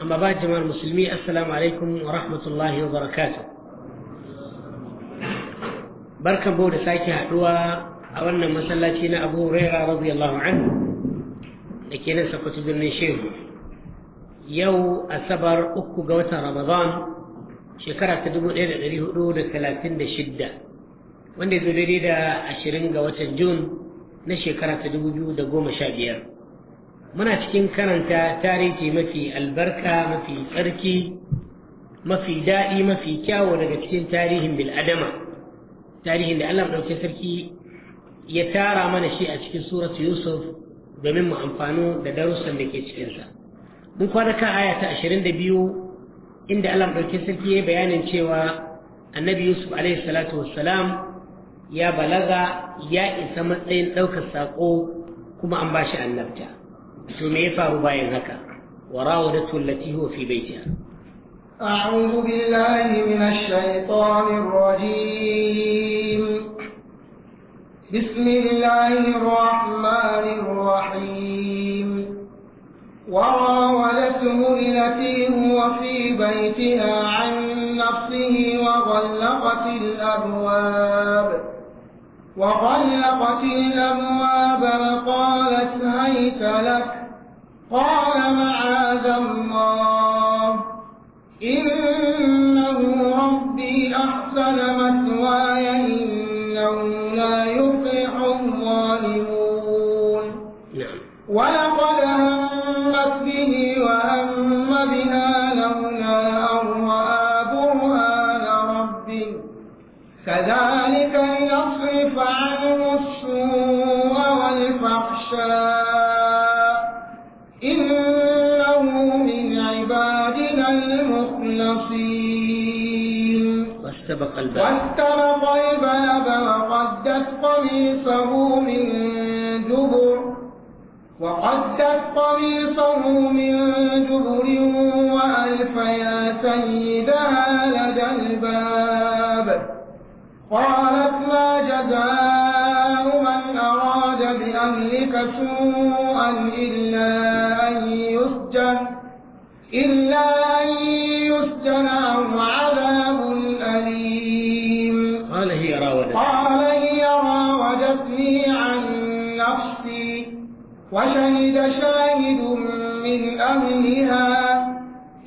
amma ba jama'ar musulmi assalamu alaikum wa rahmatullahi wa barakatuh Barka bau da sake haduwa a wannan masallaci na abu huraira radiyallahu anhu da ke nan sakwato birnin shehu yau asabar uku ga watan ramadan shekara ta dubu ɗaya da ɗari hudu da talatin da shidda wanda ya zo da ashirin ga watan jun na shekara ta dubu biyu da goma sha biyar muna cikin karanta tarihi mafi albarka mafi tsarki mafi daɗi mafi kyawo daga cikin tarihin bil'adama tarihin da allah ɗauke sarki ya tara mana shi a cikin suratu yusuf domin mu amfano da darussan da ke cikinsa mun kwana kan aya ta ashirin da biyu inda allah ɗauke sarki ya bayanin cewa annabi yusuf alaihi salatu wassalam ya balaga ya isa matsayin ɗaukar saƙo kuma an ba shi annabta سميفة رباية زكا وراودته التي هو في بيتها أعوذ بالله من الشيطان الرجيم بسم الله الرحمن الرحيم وراودته التي هو في بيتها عن نفسه وغلقت الأبواب وغلقت الأبواب وقال ليس لك قال معاذ الله إنه ربي أحسن مثواي إنه لا يفلح الظالمون نعم. ولقد همت به وهم بها لولا أن رأى كذلك لنصرف عنه الباب الباب وقدت قميصه من دبر وقدت قميصه من دبر وألف يا سيدها لدى الباب قالت ما جزاء من أراد بأهلك سوءا إلا أن يسجن إلا وشهد شاهد من أهلها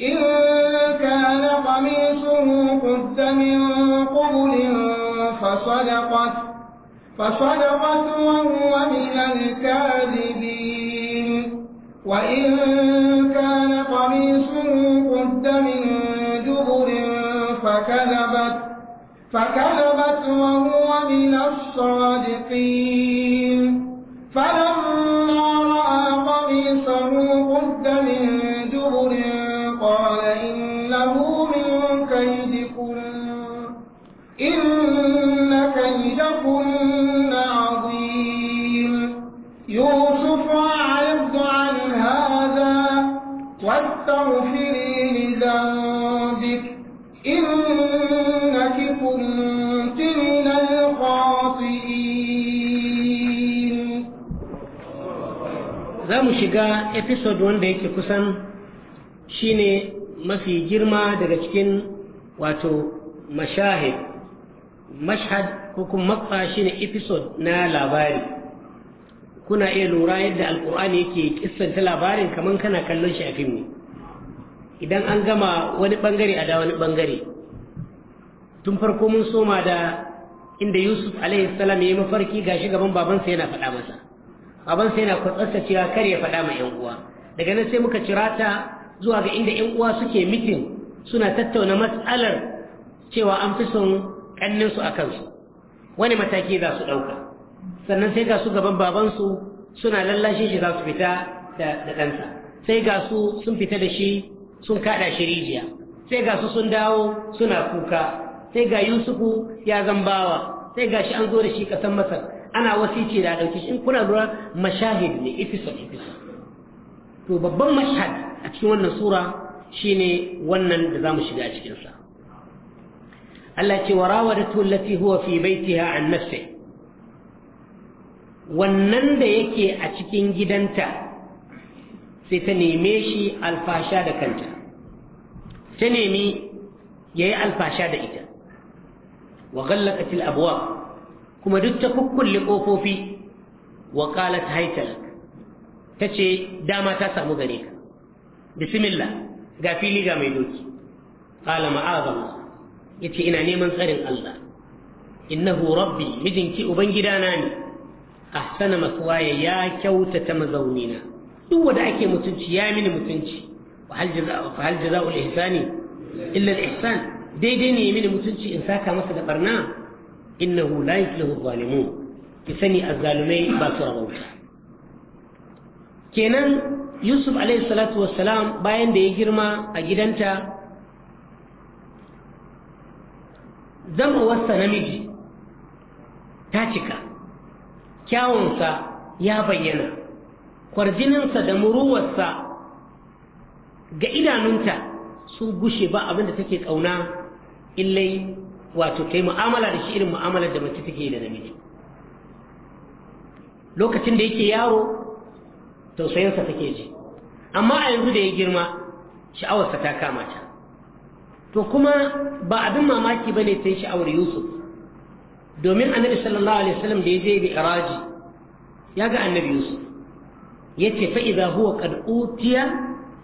إن كان قميصه قد من قبل فصدقت فصدقت وهو من الكاذبين وإن كان قميصه قد من دبر فكذبت فكذبت وهو من الصادقين فلما رأى قميصه قد من دبر قال إنه من كيدكن إن كيدكن عظيم يوسف أعرض عن هذا واتقوا shiga episode wanda yake kusan shine mafi girma daga cikin wato mashahid mashhad ko kuma makfa shine episode na labari kuna iya lura yadda alkur'ani yake kissanta labarin kamar kana kallon shi a fim ne idan an gama wani bangare a da wani bangare tun farko mun soma da inda yusuf alaihi salam ya yi mafarki gashi gaban babansa yana faɗa masa Babansa sai yana kwatsarsa cewa kar ya faɗa ma yan uwa daga nan sai muka cira ta zuwa ga inda yan uwa suke mitin suna tattauna matsalar cewa an fi son ƙannin su a kansu wani mataki za su ɗauka sannan sai ga su gaban babansu suna lallashin shi za su fita da ɗansa sai ga su sun fita da shi sun kaɗa shi rijiya sai ga su sun dawo suna kuka sai ga yusufu ya zambawa sai ga shi an zo da shi ƙasar masar ana wasici da dauki in kuna lura mashahid ne episode episode to babban mashahid a cikin wannan sura shine wannan da zamu shiga a cikin Allah ce wa rawadatu allati huwa fi baitiha an nafsi wannan da yake a cikin gidanta sai ta neme shi alfasha da kanta ta nemi yayi alfasha da ita wa ghallaqat al abwab kuma duk ta kukkulle ƙofofi wa qalat haikalak ta ce dama ta samu gare ka bismillah ga fili ga mai doki qala Ya ce ina neman tsarin Allah innahu rabbi mijinki ubangidana ne ahsana maswaya ya kyautata mazaunina duk wanda ake mutunci ya mini mutunci hal fa hal jaza'u ihsani illa al-ihsan daidai ne mini mutunci in saka masa da barna innahu la yuflihu zalimun ki sani azzalumai ba su rabauta kenan yusuf alaihi salatu wassalam bayan da ya girma a gidanta zama namiji ta cika kyawunsa ya bayyana kwarjininsa da muruwarsa ga idanunta sun gushe ba abin da take ƙauna illai wato kai mu'amala da shi irin mu'amalar da mace take da namiji lokacin da yake yaro tausayinsa take ji amma a yanzu da ya girma sha'awarsa ta kama ta to kuma ba abin mamaki ba bane sai sha'awar Yusuf domin annabi sallallahu alaihi wasallam da ya je iraji ya ga annabi Yusuf yace fa idza huwa qad utiya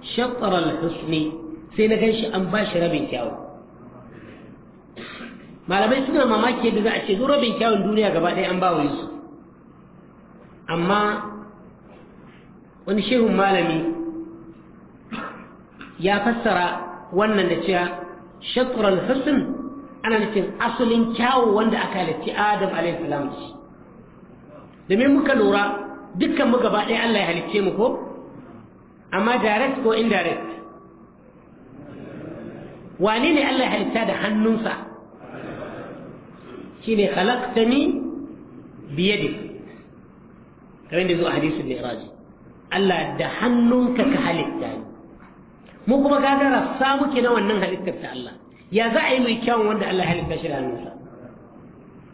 shatr al-husni sai na ganshi an ba shi rabin kyawu malamai suna mamaki yadda za a ce duk rabin kyawun duniya gaba ɗaya an bawa yusuf amma wani shehun malami ya fassara wannan da cewa shatrul husn ana nufin asalin kyawu wanda aka halitti adam alaihi salam shi domin muka lura dukkan mu gaba ɗaya Allah ya halicce mu ko amma direct ko indirect wane ne Allah ya halitta da hannunsa shine khalaqtani biyadi kamar da zo a hadisin raji. Allah da hannunka ka halitta ni mu kuma ka ga rassa muke na wannan halittar ta Allah ya za a yi mai kyawun wanda Allah halitta shi da hannunsa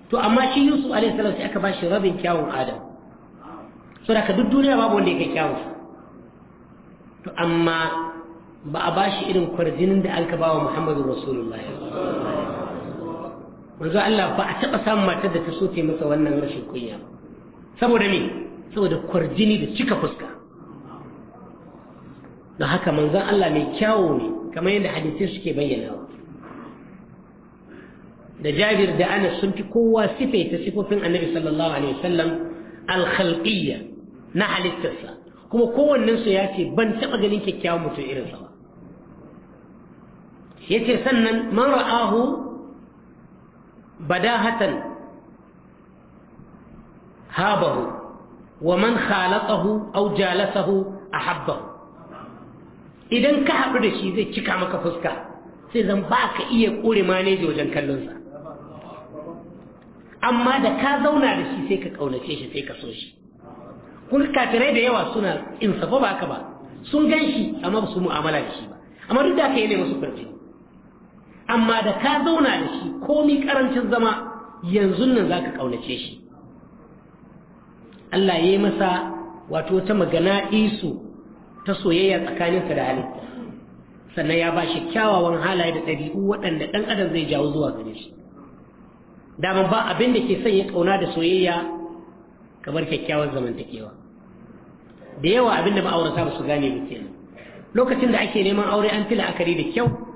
to amma shi Yusuf alaihi salam sai aka ba shi rabin kyawun Adam so da ka duk duniya babu wanda yake kyawun to amma ba a ba shi irin kwarjinin da an ka wa Muhammadu Rasulullahi manzo Allah ba a taɓa samun matar da ta soke masa wannan rashin kunya saboda me saboda kwarjini da cika fuska don haka manzon Allah mai kyawo ne kamar yadda hadisai suke bayyanawa da Jabir da Anas sun fi kowa sifaita sifofin Annabi sallallahu alaihi wasallam al-khalqiyya na halittarsa kuma kowannensu ya ce ban taɓa ganin kyakkyawan mutum irinsa ba ya ce sannan man ra'ahu badahatan habahu wa man khalaqahu aw jalasahu ahabbahu idan ka haɗu da shi zai cika maka fuska sai zan ba ka iya ƙure maneji wajen kallonsa amma da ka zauna da shi sai ka ƙaunace shi sai ka so shi kun da yawa suna insafa ba ka ba sun ganshi shi amma ba su mu'amala da shi ba amma duk da ka yi ne musu kwarfi amma da ka zauna da shi komi karancin zama yanzu nan za ka ƙaunace shi Allah ya yi masa wato ta magana isu ta soyayya tsakaninsa da halitta sannan ya ba shi kyawawan halaye da ɗabi'u waɗanda ɗan adam zai jawo zuwa gare shi dama ba abin da ke sanya kauna da soyayya kamar kyakkyawan zamantakewa da yawa abin da ma'aurata ba su gane ba kenan lokacin da ake neman aure an fi la'akari da kyau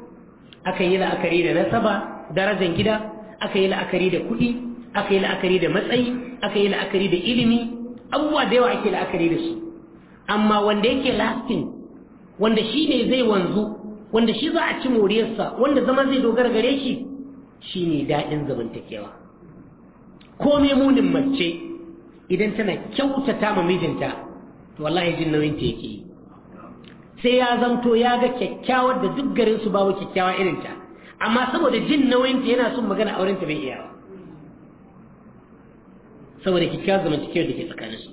aka yi la'akari da nasaba darajan gida aka yi la'akari da kuɗi aka yi la'akari da matsayi aka yi la'akari da ilimi abubuwa da yawa ake la'akari da su amma wanda yake lasting wanda shi ne zai wanzu wanda shi za a ci moriyarsa wanda zama zai dogara gare shi shi ne daɗin zamantakewa komai munin mace idan tana kyautata ma mijinta to wallahi jin nauyin ta yake yi sai ya zanto ya ga kyakkyawar da duk garin su babu kyakkyawa irin ta amma saboda jin nauyin ta yana son magana auren ta bai iya ba saboda kyakkyawar zamantakewar da ke tsakanin su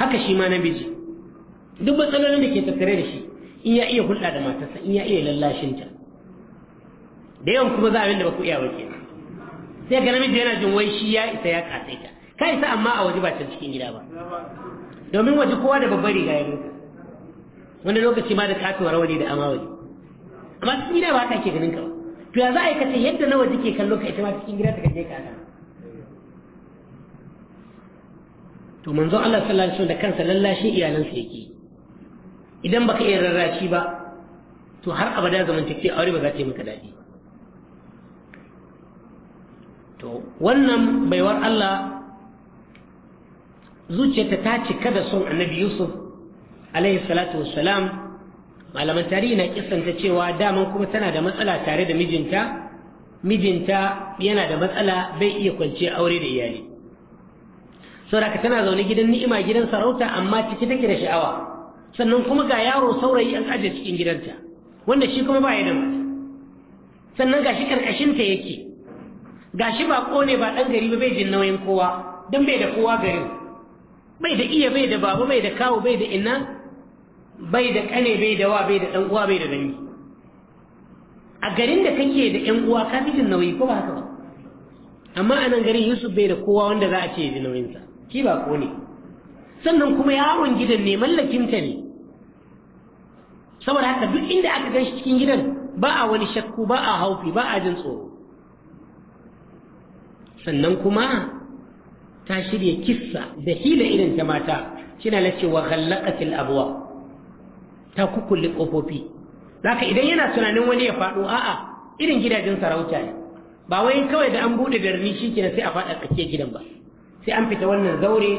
haka shi ma namiji duk matsalolin da ke tattare da shi in ya iya hulɗa da matarsa in ya iya lallashin ta da yawan kuma za abin da baku iya ba sai ga namiji yana jin wai shi ya isa ya kasaita ka isa amma a waje ba can cikin gida ba domin waje kowa da babbar riga ya nuka wani lokaci ma da kafewa rawani da amawali amma cikin gida ba ka ke ganin ka to ya za a yi kace yadda nawa jike kan kallo ka ita ma cikin gida ta kaje ka to manzo Allah sallallahu alaihi wasallam da kansa lallashi iyalansa yake idan baka iya rarrashi ba to har abada zamantake aure ba za ta yi maka dadi to wannan baiwar Allah zuciyarta ta cika da son annabi Yusuf alaihi salatu wassalam malaman tarihi na kisanta cewa daman kuma tana da matsala tare da mijinta mijinta yana da matsala bai iya kwance aure da iyali sauraka tana zaune gidan ni'ima gidan sarauta amma ciki take da sha'awa sannan kuma ga yaro saurayi an aje cikin gidanta wanda shi kuma ba ya da mata sannan gashi karkashinta yake shi ba kone ba dan gari ba bai jin nauyin kowa dan bai da kowa garin bai da iya bai da babu bai da kawo bai da ina? bai da kane bai da wa bai da dan uwa bai da dangi a garin da kake da yan uwa ka fi jin nauyi ko ba haka ba amma a nan garin Yusuf bai da kowa wanda za a ce ji nauyin sa ki ba ko ne sannan kuma yaron gidan ne mallakin ta ne saboda haka duk inda aka gan shi cikin gidan ba a wani shakku ba a haufi ba a jin tsoro sannan kuma ta shirya kissa da hila irin ta mata shine na cewa ghallaqatil abwa ta kukkulle kofofi zaka idan yana tunanin wani ya faɗo a'a irin gidajen sarauta ne ba wai kawai da an buɗe birni shikenan sai a faɗa tsakiyar gidan ba sai an fita wannan zaure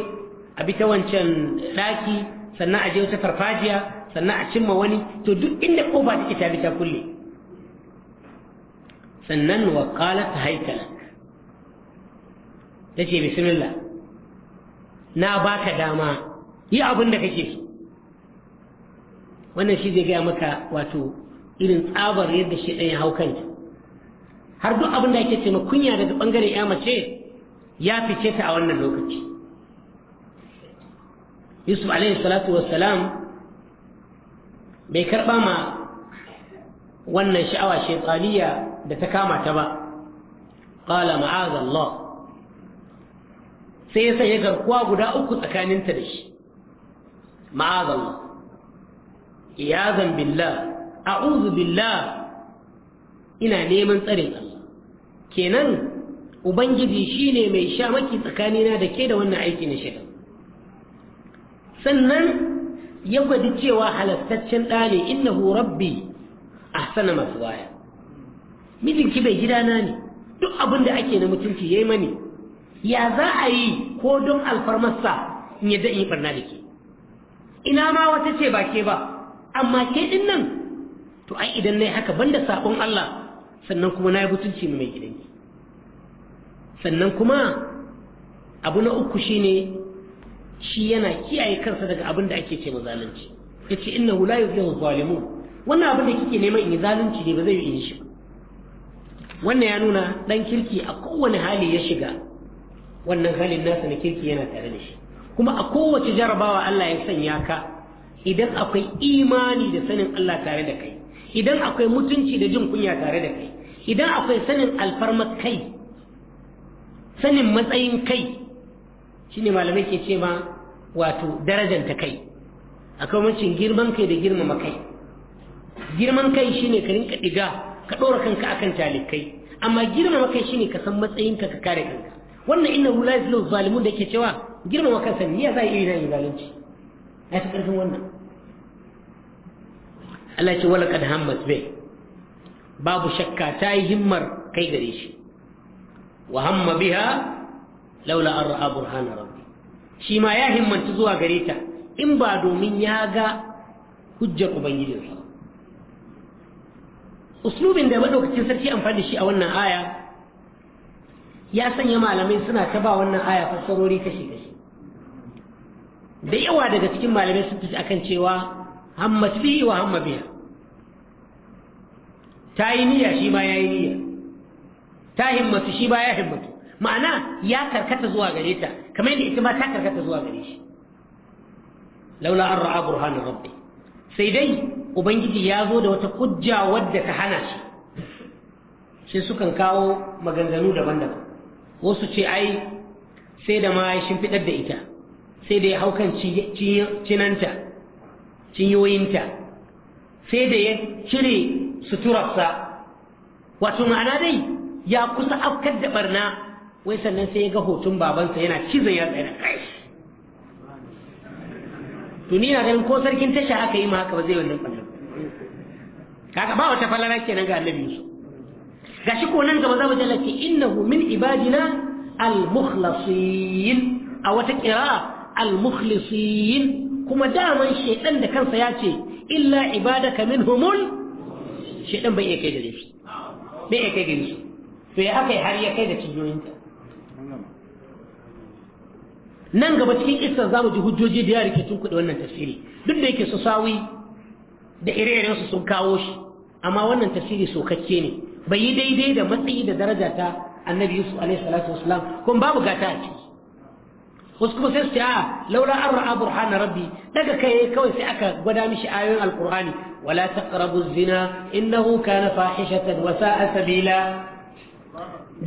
a bi ta wancan ɗaki sannan a je wata farfajiya sannan a cimma wani to duk inda kofa take ta bi ta kulle sannan wa qalat Ta ce bismillah na baka dama yi abin da kake so wannan shi zai gaya maka wato irin tsabar yadda shi ɗaya hau kanta har duk abin da ake ce kunya daga ɓangaren ya mace ya fice ta a wannan lokaci yusuf alaihi salatu wassalam bai karɓa ma wannan sha'awa shaitaniya da ta kama ta ba qala ma'azallah sai ya sanya garkuwa guda uku tsakaninta da shi ma'azallah iyazan billah a'udhu billah ina neman tsarin Allah kenan ubangiji shine mai sha maki tsakani na da ke da wannan aiki na shiga. sannan ya gwadi cewa halastaccen ɗa ne innahu rabbi ahsana maswaya mijinki bai gidana ne duk abin da ake na mutunci yayi mani ya za a yi ko don alfarmarsa in yadda in yi barna da ke ina ma wata ce ba ke ba amma ke din nan to ai idan nayi haka banda sabon Allah sannan kuma na yi mutunci mai gidanki sannan kuma abu na uku shine shi yana kiyaye kansa daga abin da ake ce ma zalunci yace inna la yuflihu zalimun wannan abin da kike neman in zalunci ne ba zai yi shi wannan ya nuna dan kirki a kowane hali ya shiga wannan halin nasa na kirki yana tare da shi kuma a kowace jarabawa Allah ya sanya ka idan akwai imani da sanin Allah tare da kai idan akwai mutunci da jin kunya tare da kai idan akwai sanin alfarmar kai sanin matsayin kai shine malamai ke ce ma wato darajanta kai akwai mancin girman kai da girmama kai girman kai shine ka rinka ɗiga, ka ɗora kanka akan talikai amma girmama kai shine ka san matsayinka ka kare kanka wannan inna hula yuzlu zalimun da ke cewa girmama kansa ne ya za yi irin zalunci ya fi ƙarfin wannan Allah ce wala kada hammas bai babu shakka ta yi himmar kai gare shi wa hamma biha laula an ra'a burhana rabbi shi ma ya himmanta zuwa gare ta in ba domin ya ga hujjar sa uslubin da madaukakin sarki amfani shi a wannan aya ya sanya malamai suna ta ba wannan aya fassarori kashi kashi da yawa daga cikin malamai sun tafi akan cewa hammat bihi wa hamma biya ta yi niyya shi ba ya yi niyya ta himmatu shi ba ya himmatu ma'ana ya karkata zuwa gare ta kamar yadda ita ma ta karkata zuwa gare shi laula an ra'a burhanin rabbi sai dai ubangiji ya zo da wata kujja wadda ta hana shi shi sukan kawo maganganu daban-daban wasu ce ai sai da ma ya shimfiɗar da ita sai da ya hau kan cinanta cinyoyinta sai da ya cire suturarsa wato ma'ana dai ya kusa afkar da barna wai sannan sai ya ga hoton babansa yana cizon ya tsaye da kai tuni na ganin ko sarkin tasha aka yi ma haka ba zai wannan ɓarnar kaga ba wata ake kenan ga annabi Yusuf gashi ko nan gaba za mu jalla ce innahu min ibadina al-mukhlasin a wata kira al-mukhlasin kuma daman shaidan da kansa ya ce illa ibadaka minhumul shaidan bai iya kai gare su bai iya kai gare su to ya aka har ya kai da cibiyoyinta nan gaba cikin kissan za mu ji hujjoji da yare ke tunkuɗe wannan tafsiri duk da yake su sawi da ire-irensu sun kawo shi amma wannan tafsiri sokakke ne bai yi daidai da matsayi da daraja ta annabi yusuf alaihi salatu wasalam kuma babu gata a ciki wasu kuma sai su ce a laula an ra'a burhana rabbi daga kai kawai sai aka gwada mishi ayoyin alqur'ani wala taqrabu zina innahu kana fahishatan wa sa'a sabila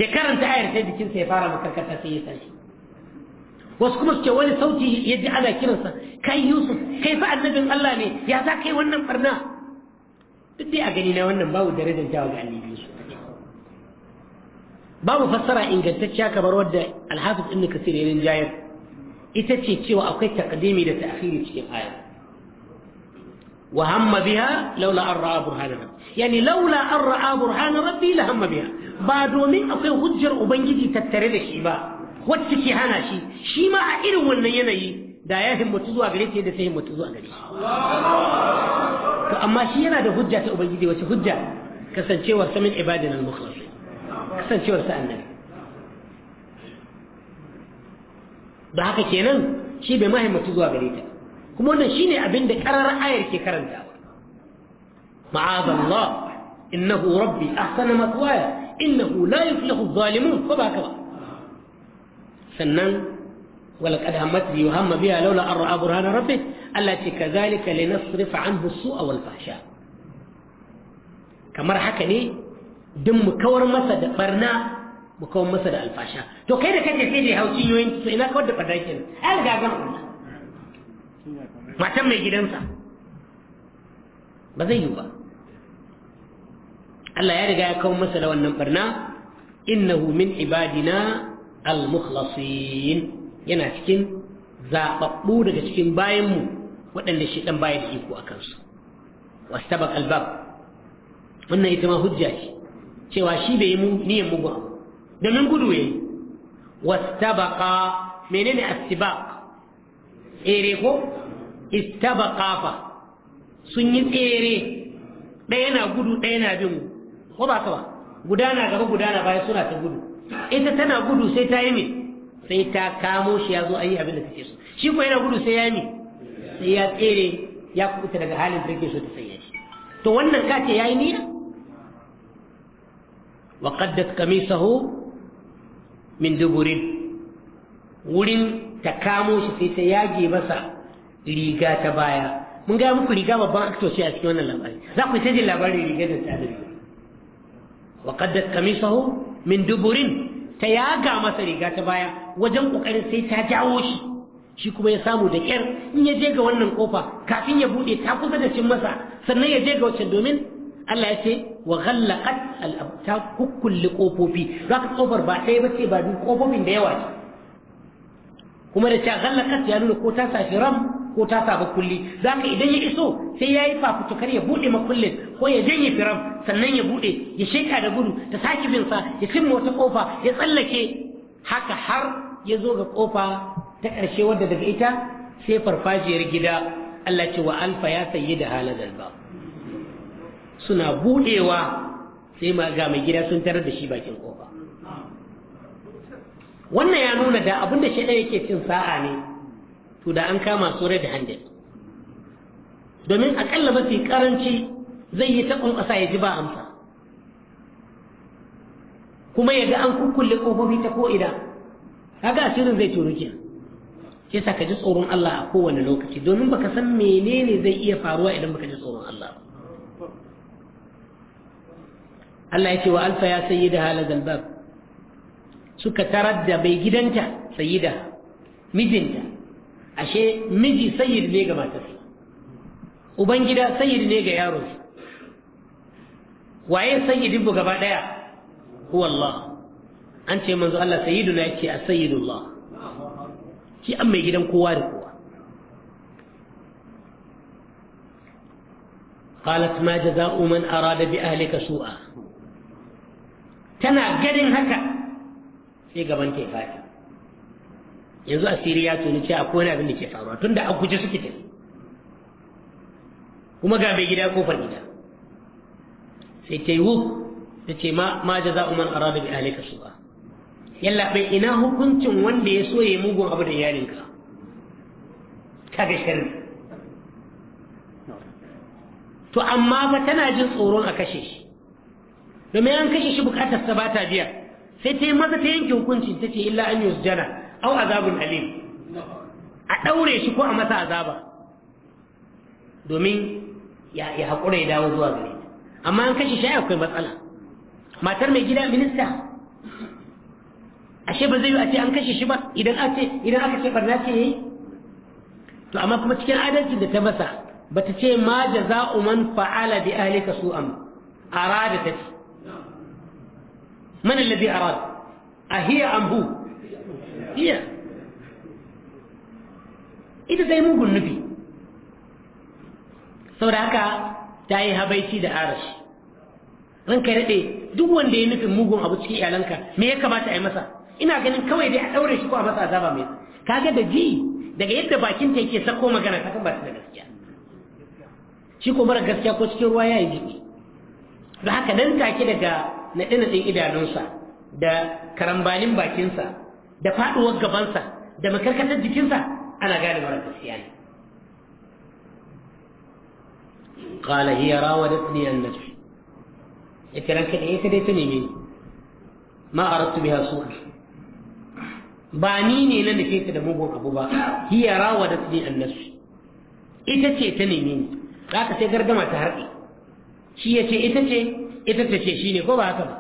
da karanta ayar sai jikin sa ya fara makarkata sai ya tashi wasu kuma su ce wani sauti ya ji ana kiransa kai yusuf kai fa annabin allah ne ya za kai wannan barna duk dai a gani na wannan babu darajar jawo ga annabi yusuf babu fassara ingantacciya kamar wadda alhafiz ibn kasir ya rinjayar ita ce cewa akwai takdimi da ta'khiri cikin aya wa hamma biha laula an ra'a burhana rabbi yani laula an ra'a burhana rabbi la hamma biha ba domin akwai hujjar ubangiji tattare da shi ba wacce ke hana shi shi ma a irin wannan yanayi da ya himmatu zuwa gare ta da ta himmatu zuwa gare shi to amma shi yana da hujja ta ubangiji wace hujja kasancewar samin ibadin al-mukhlas kasancewar sa annabi da haka kenan shi bai mahimmatu zuwa gare ta kuma wannan shine abin da karar ayar ke karantawa ma'azan Allah innahu rabbi ahsana matwaya innahu la yuflihu zalimun ko ba ka ba sannan wala kad hamati bi yuhamma laula an ra'a burhana rabbi alla ti kadhalika linasrif anhu su'a a fahsha kamar haka ne dun mu kawar masa da ɓarna. ba kawo masa da alfasha to kai da kake sai da hauci yoyin to ina kawar da fada kenan ai riga gan Allah matan mai gidansa ba zai yi ba Allah ya riga ya kawo masa da wannan barna innahu min ibadina al-mukhlasin yana cikin zaɓaɓɓu daga cikin bayanmu waɗanda shi ɗan baya da iko a kansu wasu tabak albab wannan ita ma hujja ce cewa shi bai yi niyan mugun abu domin gudu ne a menene ba tsere ko istabaqa fa sun yi tsere ɗaya na gudu ɗaya na bin ko ba ka ba gudana gaba gudana baya suna ta gudu ita tana gudu sai ta yi me sai ta kamo shi ya zo a yi abin da take so shi ko yana gudu sai ya yi sai ya tsere ya kubuta daga halin da take so ta sanya shi to wannan kace yayi niyya wa qaddat qamisahu min duburin wurin ta kamo shi sai ta yage masa riga ta baya mun gaya muku riga babban actor a cikin wannan labari za ku ta labarin riga da ta dabi wa qaddat kamisahu min duburin ta yaga masa riga ta baya wajen kokarin sai ta jawo shi shi kuma ya samu da kyar in ya je ga wannan kofa kafin ya bude ta kusa da cin masa sannan ya je ga wacce domin Allah ya ce wa ghallaqat al ta kukkulle kofofi ka kofar ba ɗaya bace ba duk kofofin da yawa ce kuma da ta ghallaqat ya nuna ko ta safi ram ko ta saba kulli zaka idan ya iso sai yayi fafutukar ya buɗe makullin ko ya janye firam sannan ya buɗe ya sheka da gudu ta sake binsa ya cimma wata kofa ya tsallake haka har ya zo ga kofa ta ƙarshe wadda daga ita sai farfajiyar gida Allah ce wa alfa ya sayi da halar ba. suna buɗewa sai ga mai gida sun tarar da shi bakin kofa wannan ya nuna da abin da shaidan yake cin sa'a ne to da an kama su da handel domin akalla mafi karanci zai yi taɓin ƙasa ya ji ba amsa kuma ya ga an kukkulle ƙofofi ta ko'ina kaga asirin zai turu kenan yasa ka ji tsoron Allah a kowane lokaci domin baka san menene zai iya faruwa idan baka ji tsoron Allah ba Allah ya ce wa alfa ya sayyida hala zalbab suka tarar da bai gidanta sayyida mijinta ashe miji sayyid ne ga matarsa uban gida sayyid ne ga yaronsa waye sayyidin bu gaba daya huwa Allah an ce manzo Allah sayyiduna yake a sayyidullah shi an mai gidan kowa da kowa قالت ما جزاء من أراد بأهلك سوءا tana ganin haka sai gaban ke faɗi yanzu asiri ya tuni ce akwai wani abin da ke faruwa tunda da guje suke tafi kuma ga mai gida kofar gida sai ta yi wuf ta ce ma za umar man arada bi ahlika su'a yalla bai ina hukuncin wanda ya soye mugun abu da iyalinka kaga shirin to amma fa tana jin tsoron a kashe shi domin an kashe shi bukatar sa bata biya sai ta yi maza ta yanke hukunci ta ce illa an jana au azabun alim a daure shi ko a masa azaba domin ya haƙura ya dawo zuwa gare amma an kashe shi akwai matsala matar mai gida minista ashe ba zai yi a ce an kashe shi ba idan aka ce barna ce yayi to amma kuma cikin adalci da ta masa bata ce ma jaza'u man fa'ala bi ahlika su'an arada ce من الذي أراد أهي أم هو هي إذا زي مو النبي saboda haka ta yi habaici da arashi ranka daɗe duk wanda ya nufin mugun abu cikin iyalanka me ya kamata a yi masa ina ganin kawai dai a ɗaure shi ko a masa azaba mai kaga da ji daga yadda bakin ta yake sako magana kasan ba da gaskiya shi ko mara gaskiya ko cikin ruwa ya yi jiki da haka nan take daga naɗe-naɗen idanunsa da karambanin bakinsa da faɗuwar gabansa da makarkatar jikinsa ana gane mara gaskiya ne qala hiya rawadatni an nafsi ita ranka da ita dai ta neme ma a rasu aradtu su ka. ba ni ne na nufe ta da mugun abu ba hiya rawadatni an nafsi ita ce ta neme ni za ka sai gardama ta harɗe shi ya ce ita ce ita ta ce shi ne ko ba haka ba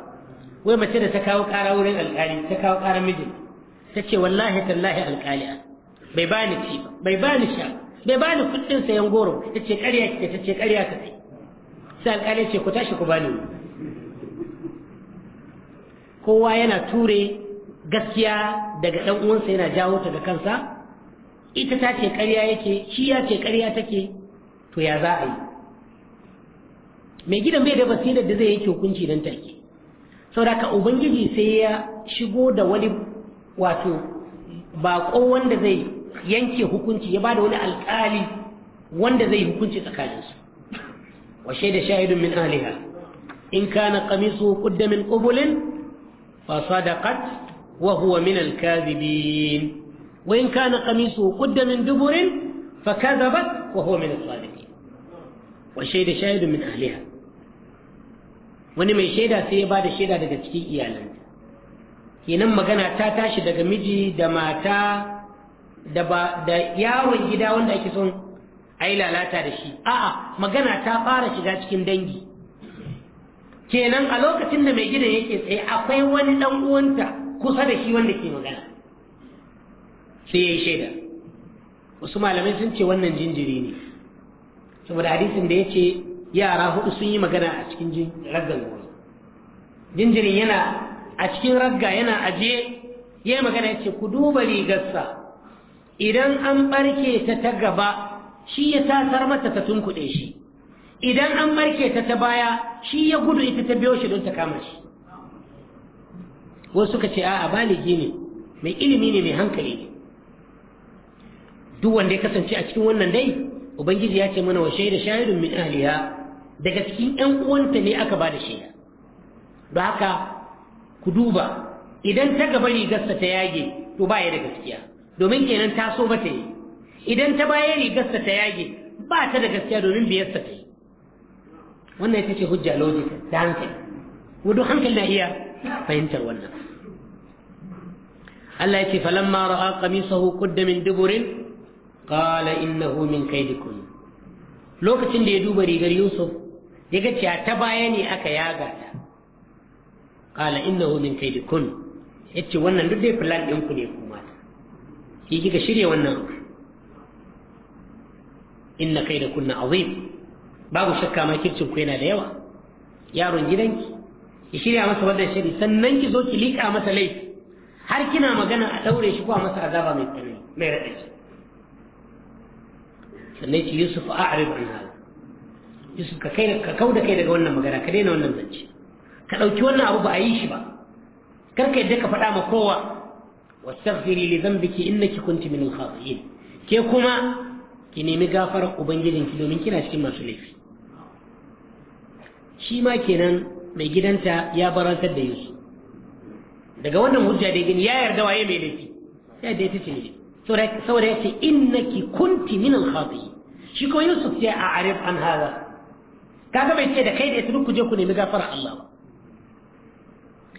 wai mace da ta kawo ƙara wurin alƙali ta kawo ƙara mijin ta ce wallahi tallahi alƙali bai ba ni ci bai ba ni sha bai ba ni kuɗin sayan goro ta ce ƙarya ki ta ce ƙarya ka sai sai alƙali ce ku tashi ku ba ni kowa yana ture gaskiya daga ɗan uwansa yana jawo ta ga kansa ita ta ce ƙarya yake shi ya ce ƙarya take to ya za a yi mai gidan bai da basirar da zai yake hukunci nan take saboda ubangiji sai ya shigo da wani wato baƙo wanda zai yanke hukunci ya bada wani alƙali wanda zai hukunci tsakaninsu wa shaida shahidun min aliha in kana qamisu qudda min qubulin fa sadaqat wa huwa min al-kadhibin wa in kana qamisu qudda min duburin fa kadhabat wa huwa min as-sadiqin wa shaida shahidun min aliha wani mai shaida sai ya ba da shaida daga cikin iyalanta kenan magana ta tashi daga miji da mata da ba da yaron gida wanda ake son a yi lalata da shi a'a magana ta fara shiga cikin dangi kenan a lokacin da mai gidan yake tsaye akwai wani dan uwanta kusa da shi wanda ke magana sai ya yi shaida wasu malamai sun ce wannan jinjiri ne saboda hadisin da ya ce yara hudu sun yi magana a cikin raggan gobe jinjirin yana a cikin ragga yana aje ya yi magana ce ku duba rigarsa idan an barke ta ta gaba shi ya tasar mata ta tunkuɗe shi idan an barke ta ta baya shi ya gudu ita ta biyo shi don ta kama shi wasu suka ce a'a baligi ne mai ilimi ne mai hankali duk wanda ya kasance a cikin wannan dai ubangiji ya ce mana wa shaida shahidun min ahliya daga cikin ‘yan uwanta ne aka ba da shi don haka ku duba idan ta gaba rigarsa ta yage to ba ya da gaskiya domin kenan ta so mata yi idan ta baya rigarsa ta yage ba ta da gaskiya domin biyarsa ta yi wannan ita ce hujja logic da hankali wadda hankali na iya fahimtar wannan Allah ya ce falamma ra'a qamisahu qudda min duburin qala innahu min kaidikum lokacin da ya duba rigar Yusuf Diga cewa ta baya ne aka yaga ta qala innahu min kaydikun yace wannan duk dai plan din ku ne kuma ta. shi kika shirya wannan abu inna kaydakunna azim babu shakka ma kircin ku yana da yawa yaron gidanki ki shirya masa wannan shiri sannan ki zo ki liƙa masa laifi har kina magana a ɗaure shi ko a masa azaba mai tsanani mai raɗaci sannan ki yusuf a arib an yusuf ka kai kau da kai daga wannan magana ka daina wannan zance ka ɗauki wannan abu ba a yi shi ba kar ka yadda ka faɗa ma kowa wastaghfiri li dhanbiki innaki kunti min al-khati'in ke kuma ki nemi gafarar ki domin kina cikin masu laifi shi ma kenan mai gidanta ya barantar da yusuf daga wannan hujja da gani ya yarda waye mai laifi ya da ita ce ne saboda yace innaki kunti min al-khati'in shi ko yusuf ya a'rif an hada kaga bai ce da kai da ita duk ku je ku nemi gafara Allah ba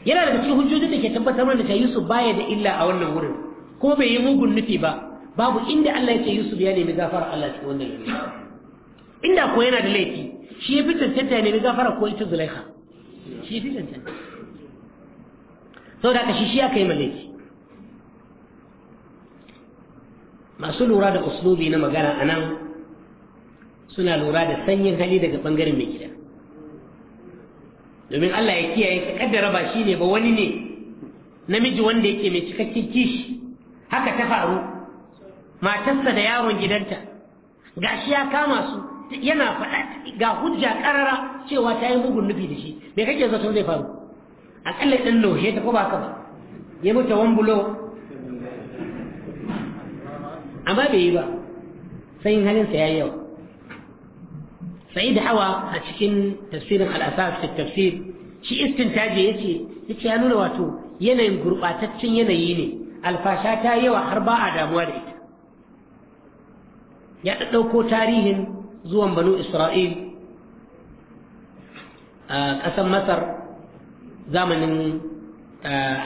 yana daga cikin hujjojin da ke tabbatar mana cewa Yusuf baya da illa a wannan wurin kuma bai yi mugun nufi ba babu inda Allah ya ce Yusuf ya nemi gafara Allah cikin wannan yanayi inda ko yana da laifi shi ya fi cancanta ya nemi gafara ko ita Zulaiha shi ya fi cancanta saboda haka shi shi aka yi laifi masu lura da uslubi na magana a nan suna lura da sanyin hali daga bangaren mai gida domin Allah ya kiyaye ka kaddara ba shi ne ba wani ne namiji wanda yake mai cikakken kishi haka ta faru matarsa da yaron gidanta ga shi ya kama su yana faɗa ga hujja ƙarara cewa ta yi mugun nufi da shi me kake zato zai faru akalla ɗin laushe ta ko ba ka ba ya mutu bulo amma bai yi ba sanyin halinsa ya yi yawa sai da hawa a cikin tafsirin al'asas fi tafsir shi istintaji ya ce ya nuna wato yanayin gurbataccen yanayi ne alfasha ta yawa har ba a damuwa da ita ya ɗauko tarihin zuwan banu isra'il a ƙasar masar zamanin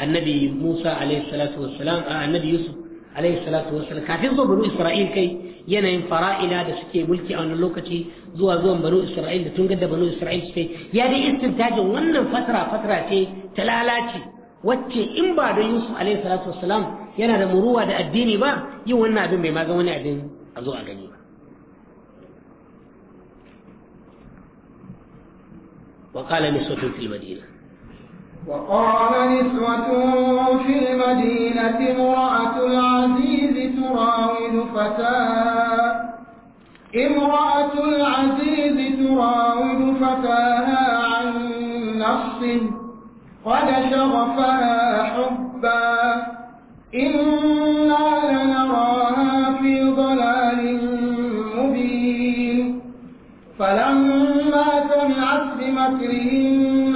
annabi musa alaihi salatu annabi yusuf alaihi salatu kafin zo banu isra'il kai yanayin fara'ila da suke mulki a wani lokaci zuwa zuwan banu isra'il da tun gada banu isra'il suke ya dai istintajin wannan fatara fatara ce ta lalace wacce in ba don yusuf alayhi salatu wassalam yana da muruwa da addini ba yin wannan abin bai ma ga wani abin a zo a gani ba qala نسوة fil madina وقال نسوة في المدينة امرأة العزيز تراود فتاة امرأة العزيز تراود فتاها عن نفس قد شغفها حبا إنا لنراها في ضلال مبين فلما سمعت بمكرهن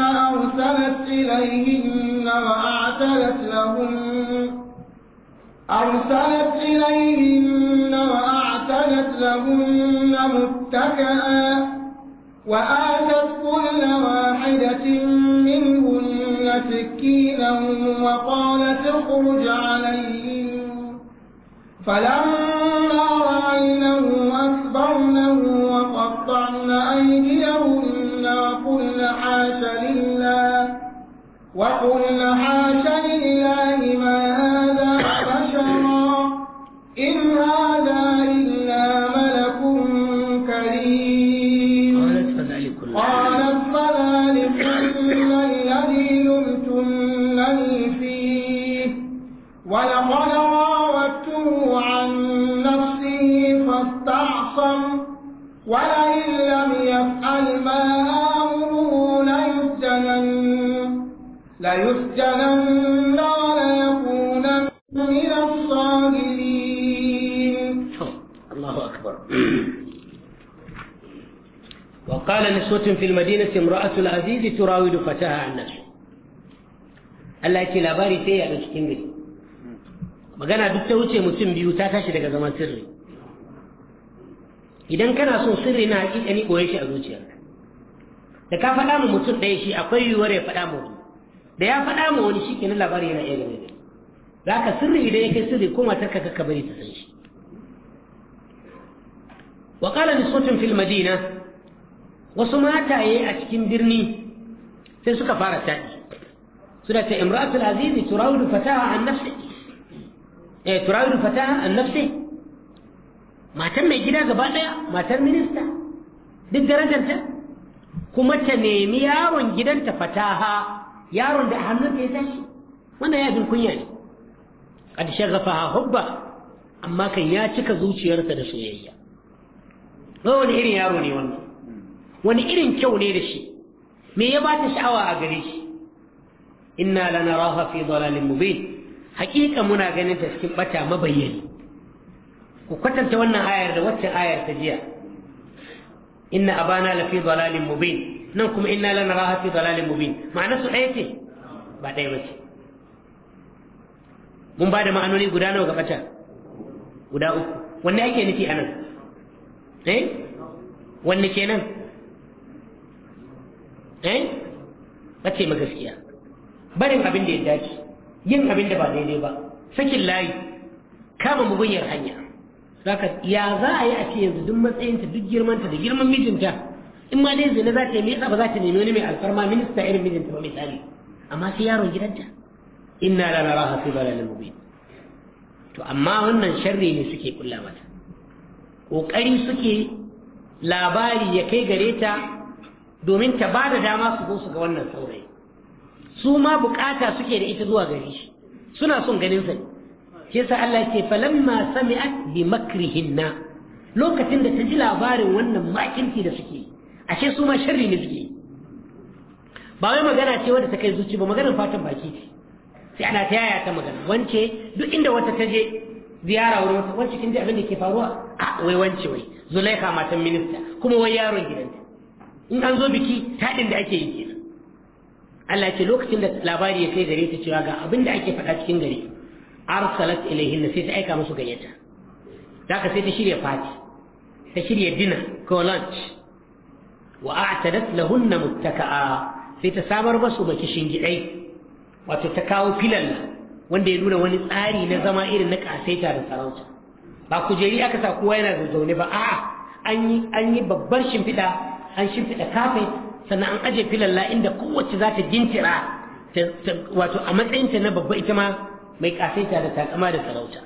إليهن وأعتدت أرسلت إليهن وأعتدت لهن متكئا وآتت كل واحدة منهن سكينا وقالت اخرج عليهم فلما رأينه أكبرنه وقطعن أيديهن وقلن حاش لله وقل حاشا ولتلقنا النار يكون من الصاغرين الله أكبر وقال نسوة في المدينة امرأة العزيز تراود فتاها عن نفسه Allah ya ce labari sai ya ɗau cikin gari magana duk ta wuce mutum biyu ta tashi daga zaman sirri idan kana son sirri na hakika ni koyon shi a zuciyarka da ka faɗa mu mutum ɗaya shi akwai yiwuwar ya faɗa mu da ya faɗa ma wani shi kenan labari yana iya game da za ka sirri idan ya kai sirri ko matar ka kaka bari ta san shi wa ƙala nisotin fil madina wasu mataye a cikin birni sai suka fara taɗi suna ta imratul azizi turawidu fataha an nafsi eh turawidu fataha an nafsi matar mai gida gaba ɗaya, matar minista duk darajarta kuma ta nemi yaron gidanta fataha yaron da hannun ya tashi wannan ya bin kunya ne kad shaghafaha hubba amma kan ya cika zuciyarsa da soyayya wani irin yaro ne wannan wani irin kyau ne da shi me ya ba ta sha'awa a gare shi inna lanaraha fi dalalin mubin haqiqa muna ganin ta cikin bata mabayyani ku kwatanta wannan ayar da waccan ayar ta jiya inna abana lafi dalalin mubin nan kuma inna lana raha fi dalalin mubin ma'ana su ɗaya ce ba ɗaya ba ce mun ba da ma'anoni guda nawa ga fata? guda uku wanne ake nufi a nan eh wanne kenan eh bace ma gaskiya barin abin da ya dace yin abin da ba daidai ba sakin layi kama mugunyar hanya zaka ya za a yi a ce yanzu duk matsayinta duk girmanta da girman mijinta in ma dai zina za ta yi me ba za ta nemi wani mai alfarma minista irin mijinta ba misali amma sai yaron gidanta inna la naraha fi dalalin mubin to amma wannan sharri ne suke kulla mata kokari suke labari ya kai gare ta domin ta ba da dama su zo su ga wannan saurayi su ma bukata suke da ita zuwa gare shi suna son ganin sa shi yasa Allah ya ce falamma sami'at bi makrihinna lokacin da ta ji labarin wannan makinci da suke ashe su ma sharri ne suke ba wai magana ce wadda ta kai zuci ba maganar fatan baki ce sai ana ta yaya ta magana wance duk inda wata ta je ziyara wurin wata wance kin ji abin da ke faruwa a wai wance wai Zulaiha, matan minista kuma wai yaron gidanta in an zo biki taɗin da ake yi kenan Allah ce lokacin da labari ya kai gare ta cewa ga abin da ake faɗa cikin gari arsalat ilaihin sai ta aika musu gayyata zaka sai ta shirya fati ta shirya dinner ko lunch wa a'tadat lahunna muttaka'a sai ta samar masu baki shingidai wato ta kawo filan wanda ya nuna wani tsari na zama irin na kasaita da sarauta ba kujeri aka sa kowa yana zaune ba a'a an yi an yi babbar shimfida, an shimfida kafe sannan an aje filalla inda kowace za ta gintira wato a matsayinta na babba ita ma mai kasaita da takama da sarauta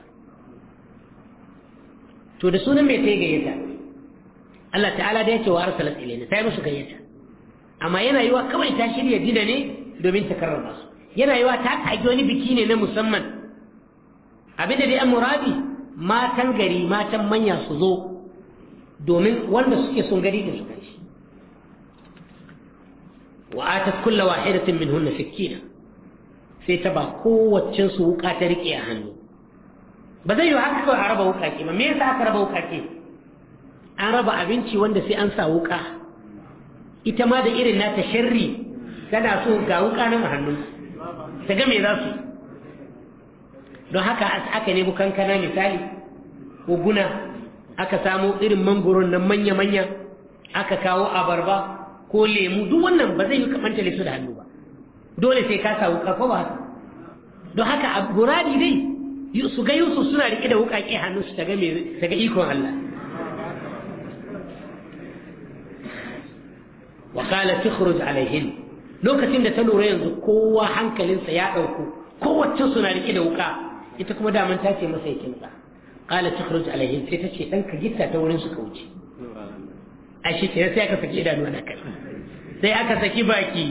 to da sunan mai sai gayyata Allah ta'ala da yake wa arsalat ilayna sai musu gayyata amma yana yiwa kawai ta shirya gida ne domin ta karrama su yana yiwa ta tage wani biki ne na musamman abin da dai an muradi matan gari matan manya su zo domin wanda suke son gari da su kanshi wa atat kulla wahidatin minhunna sakkina sai ta ba kowaccen su wuka ta rike a hannu ba zai yi haka ba a raba wukake ba me yasa aka raba wukake an raba abinci wanda sai an sa wuka ita ma da irin nata sharri tana so ga wuka nan a hannun ta ga me za su don haka aka nemi kankana misali ko guna aka samo irin mangoron nan manya-manya aka kawo abarba ko lemu duk wannan ba zai yi kamanta su da hannu ba dole sai ka sa wuka ko ba don haka a guradi dai su ga yusuf suna rike da wukaƙe hannunsu ta ga ikon allah wa qala tukhruj alaihin lokacin da ta lura yanzu kowa hankalinsa ya dauko kowace suna rike da wuka ita kuma daman ta ce masa ya kinsa qala tukhruj alaihin sai ta ce dan ka gitta ta wurin su ka wuce ashe sai sai aka saki idanu ana kai sai aka saki baki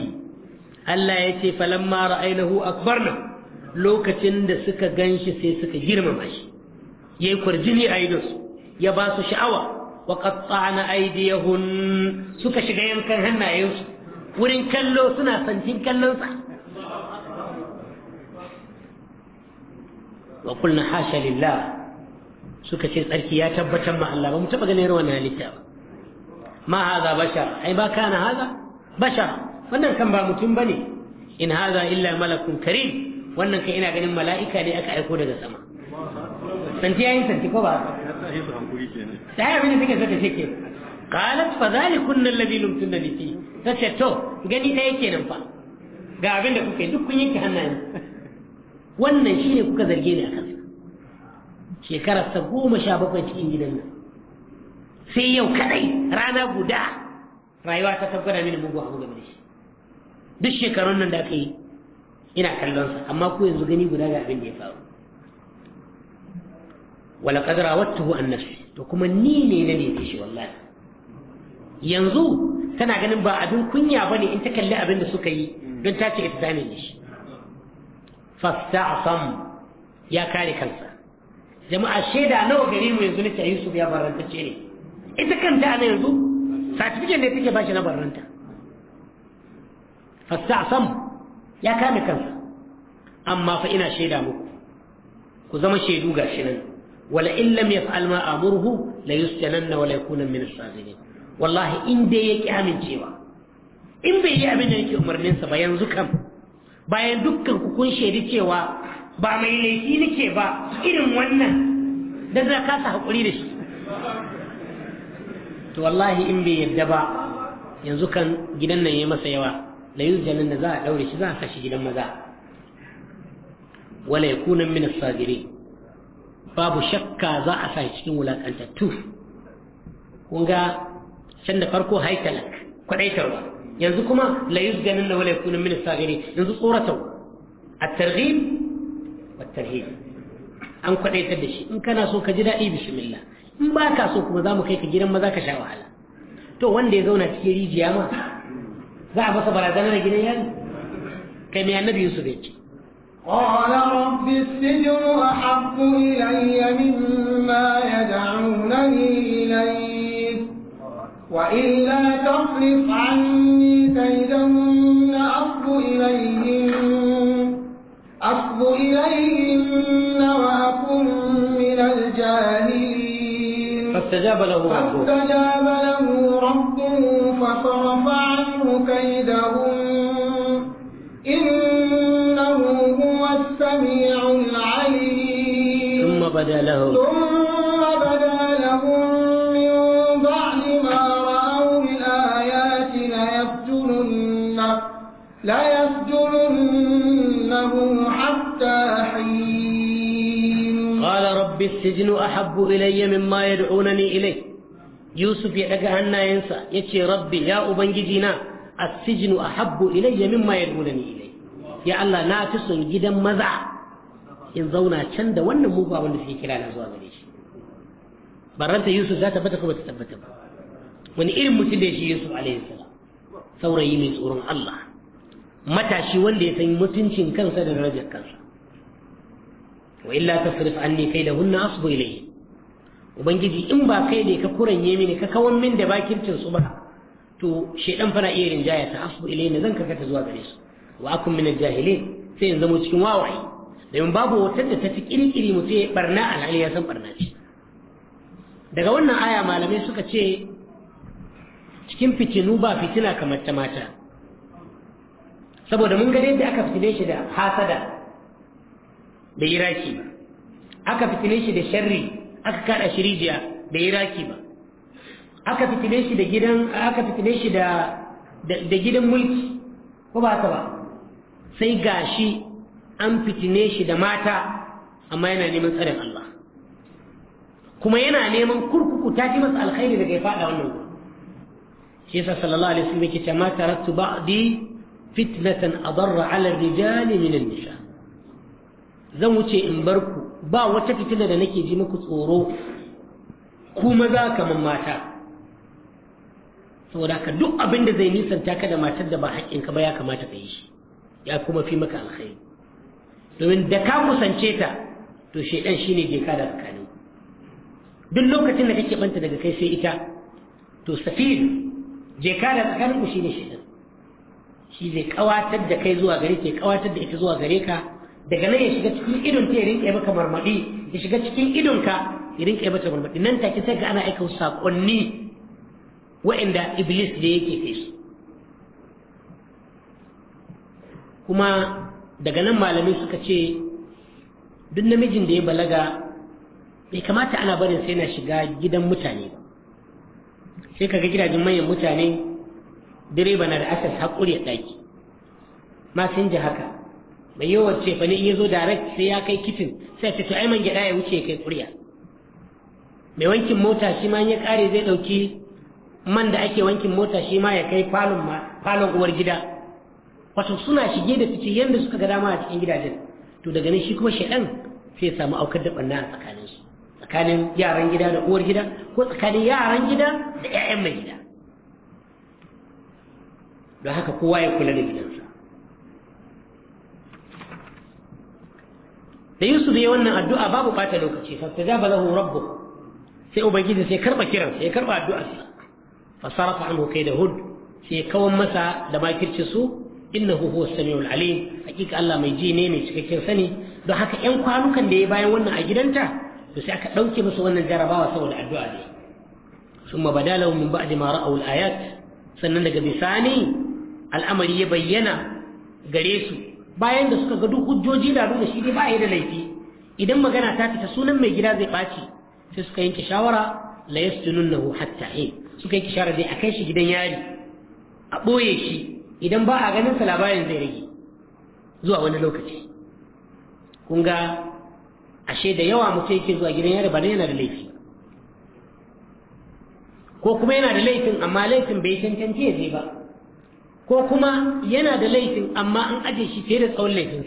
Allah ya ce falamma ra'ainahu akbarna lokacin da suka ganshi sai suka girmama shi yayi kwarjini a idonsu ya ba su sha'awa wa qatta'na aydiyahun suka shiga yankan hannayensu wurin kallo suna santin kallonsa wa kulna hasha lillah suka ce tsarki ya tabbatar ma mu taba ganin wannan halitta ba ma haza bashar ai ba kana haza bashar wannan kan ba mutum bane in haza illa malakun karim wannan kan ina ganin mala'ika ne aka aiko daga sama santi santi ko ba ta yi abin da take so ta ce qalat fa kunna alladhi lumtunani fi ta ce to gani ta yake nan fa ga abin da kuka yi duk kun yanke hannayen wannan shine kuka zarge ni akan shekarar ta goma sha bakwai cikin gidan nan sai yau kadai rana guda rayuwa ta tabbata mini mugu abu game da shi duk shekarun nan da aka yi ina kallon sa amma ko yanzu gani guda ga abin da ya faru wala kadara rawattuhu an nafsi to kuma ni ne na neme shi wallahi yanzu tana ganin ba abin kunya bane in ta kalli abin da suka yi don ta ce ita ne shi fasta'sam ya kare kansa jama'a shaida nawa gare mu yanzu nake Yusuf ya baranta ce ne ita kanta ana yanzu certificate ne take bashi na baranta fasta'sam ya kame kansa amma fa ina shaida muku ku zama shaidu gashi nan wala in lam yaf'al ma amurhu la yusjananna wa la yakuna min as-sazirin wallahi in dai yake amincewa in bai yi abin da yake umarnin ba yanzu bayan dukkan ku kun shaidi cewa ba mai laifi nake ba irin wannan da za kasa hakuri da shi to wallahi in bai yadda ba yanzu kan gidan nan yayi masa yawa la yusjanan da za a daure shi za a kashi gidan maza wala yakuna min as-sazirin babu shakka za a sa cikin wulakantattu kun ga can da farko haitalak kwadaitarwa yanzu kuma la ganin na wala yakuna min sagiri yanzu tsoratau a targhib wat-tarhib an kwadaitar da shi in kana so ka ji daɗi bismillah in ba ka so kuma za mu kai ka gidan maza ka sha wahala to wanda ya zauna cikin rijiya ma za a masa barazana da gidan yari kai mai annabi yusuf ya ce قال رب السجن أحب إلي مما يدعونني إليه وإلا تصرف عني كيدهن أصب إليهن أصب إليهن وأكن من الجاهلين فاستجاب له ربه فاستجاب له ربه فصرف عنه كيدهن إن بدا لهم ثم بدا لهم من بعد ما رأوا من آياتنا يسجننه لا حتى حين قال رب السجن أحب إلي مما يدعونني إليه يوسف يحق أن ينسى يتي ربي يا أبنجدنا السجن أحب إلي مما يدعونني إليه يا الله ناتس جدا مذع in zauna can da wannan mugu abin da suke kira na zuwa gare shi baranta yusuf za ta bata ko ba ta tabbata ba wani irin mutum da shi yusuf alaihi salam saurayi mai tsoron allah matashi wanda ya san mutuncin kansa da darajar kansa wa illa tasrif anni hunna asbu ilayhi ubangiji in ba kai ne ka kuranye mini ka kawan min da bakircin su ba to shedan fara iya rinjaya ta asbu ilayhi zan kaka ta zuwa gare su wa akum min jahilin sai in zama cikin wawaye domin babu wutar da ta fi kirkiri mutum ya barna alhali ya san barna ce daga wannan aya malamai suka ce cikin fitinu ba fitina kamar ta mata saboda mun ga da aka fitine shi da hasada da iraki ba aka fitine shi da sharri aka kada shirijiya da iraki ba aka fitine shi da gidan aka fitine shi da da gidan mulki ko ba ta ba sai gashi an fitine shi da mata amma yana neman tsarin Allah kuma yana neman kurkuku ta fi masa alkhairi daga ya faɗa wannan shi yasa sallallahu alaihi wasallam yake cewa ma taratu ba'di fitnatan adarra ala rijali min an-nisa zan wuce in bar ku ba wata fitina da nake ji muku tsoro ku maza kaman mata saboda ka duk abin da zai nisanta ka da matar da ba haƙƙinka ba ya kamata ka yi shi ya kuma fi maka alkhairi domin da ka kusance ta to shaidan shine ka da tsakanin duk lokacin da kake banta daga kai sai ita to safir je da tsakanin ku shine shaidan shi zai kawatar da kai zuwa gare ke kawatar da ita zuwa gare ka daga nan ya shiga cikin idon ta ya rinke maka marmadi ya shiga cikin idon ka ya rinke maka marmadi nan take sai ga ana aika sakonni wa'anda iblis da yake kai su kuma daga nan malamai suka ce duk namijin da ya balaga bai kamata ana barin sai na shiga gidan mutane ba sai kaga gidajen manyan mutane direba na da aka haƙuri a ɗaki ma sun ji haka mai yawan ce fa ne iya zo direct sai ya kai kitin sai ce to ai man gyaɗa ya wuce ya kai ƙuriya mai wankin mota shi ma ya ƙare zai ɗauki man da ake wankin mota shi ma ya kai falon uwar gida wato suna shige da fice yadda suka ga dama a cikin gidajen to daga nan shi kuma shaɗan sai ya samu aukar da ɓanna a tsakanin su tsakanin yaran gida da uwar gida ko tsakanin yaran gida da ƴaƴan mai gida don haka kowa ya kula da gidansa da Yusuf ya wannan addu'a babu bata lokaci fastajaba lahu rabu sai ubangiji sai karɓa kiran sai karɓa addu'arsa hukai da Hud sai kawan masa da makirci su innahu huwa samiul alim hakika Allah mai ji ne mai cikakken sani don haka yan kwanukan da ya bayan wannan a gidanta to sai aka dauke musu wannan jarabawa saboda addu'a ne summa badalahu min ba'di ma ra'aw al sannan daga bisani al'amari ya bayyana gare su bayan da suka ga duk hujjoji da nuna shi dai ba da laifi idan magana ta fita sunan mai gida zai ɓaci sai suka yanke shawara la yastununnahu hatta hin suka yanke shawara dai a kai shi gidan yari a ɓoye shi idan ba a ganin sa labarin zai rage zuwa wani lokaci kun ga ashe da yawa mutum yake zuwa gidan yari bane yana da laifi ko kuma yana da laifin amma laifin bai tantance ya je ba ko kuma yana da laifin amma an aje shi fiye da tsawon laifin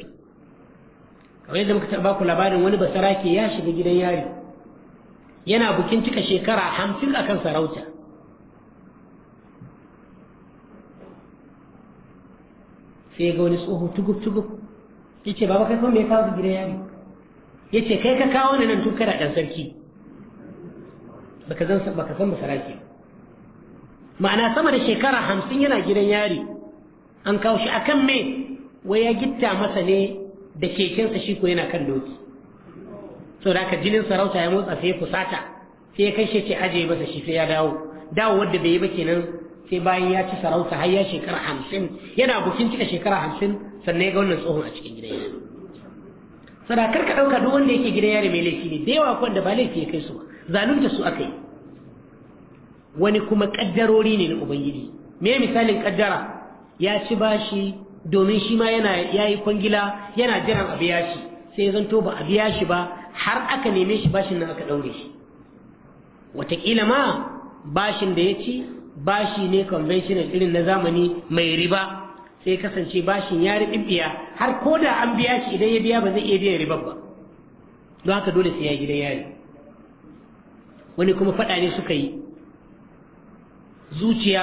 kamar yadda muka taɓa ku labarin wani ke ya shiga gidan yari yana bukin cika shekara hamsin akan sarauta sai ga wani tsoho tugub tugub yace baba kai kuma me kawo gidan yari yace kai ka kawo ni nan tun kana dan sarki baka san baka san ma'ana sama da shekara hamsin yana gidan yari an kawo shi akan me wai ya gitta masa ne da kekensa shi ko yana kan doki to da aka jinin sarauta ya motsa sai ya fusata sai ya kai shi ce aje masa shi sai ya dawo dawo wanda bai yi ba kenan sai bayan ya ci sarauta har ya shekara hamsin yana bukin cika shekara hamsin sannan ya ga wannan tsohon a cikin gidan yari sadakar ka ɗauka duk wanda yake gidan yari mai laifi ne da yawa kuwan da ba laifi ya kai su zalunta su aka yi wani kuma ƙaddarori ne na ubangiji me misalin ƙaddara ya ci bashi domin shi ma yana yi kwangila yana jiran a biya shi sai zanto ba a biya shi ba har aka neme shi bashin nan aka ɗaure shi wataƙila ma bashin da ya ci bashi ne conventional irin na zamani mai riba sai kasance bashin ya riɓi biya har ko da an biya shi idan ya biya ba zai iya biyan ribar ba don haka dole sai ya gidan yari wani kuma faɗa ne suka yi zuciya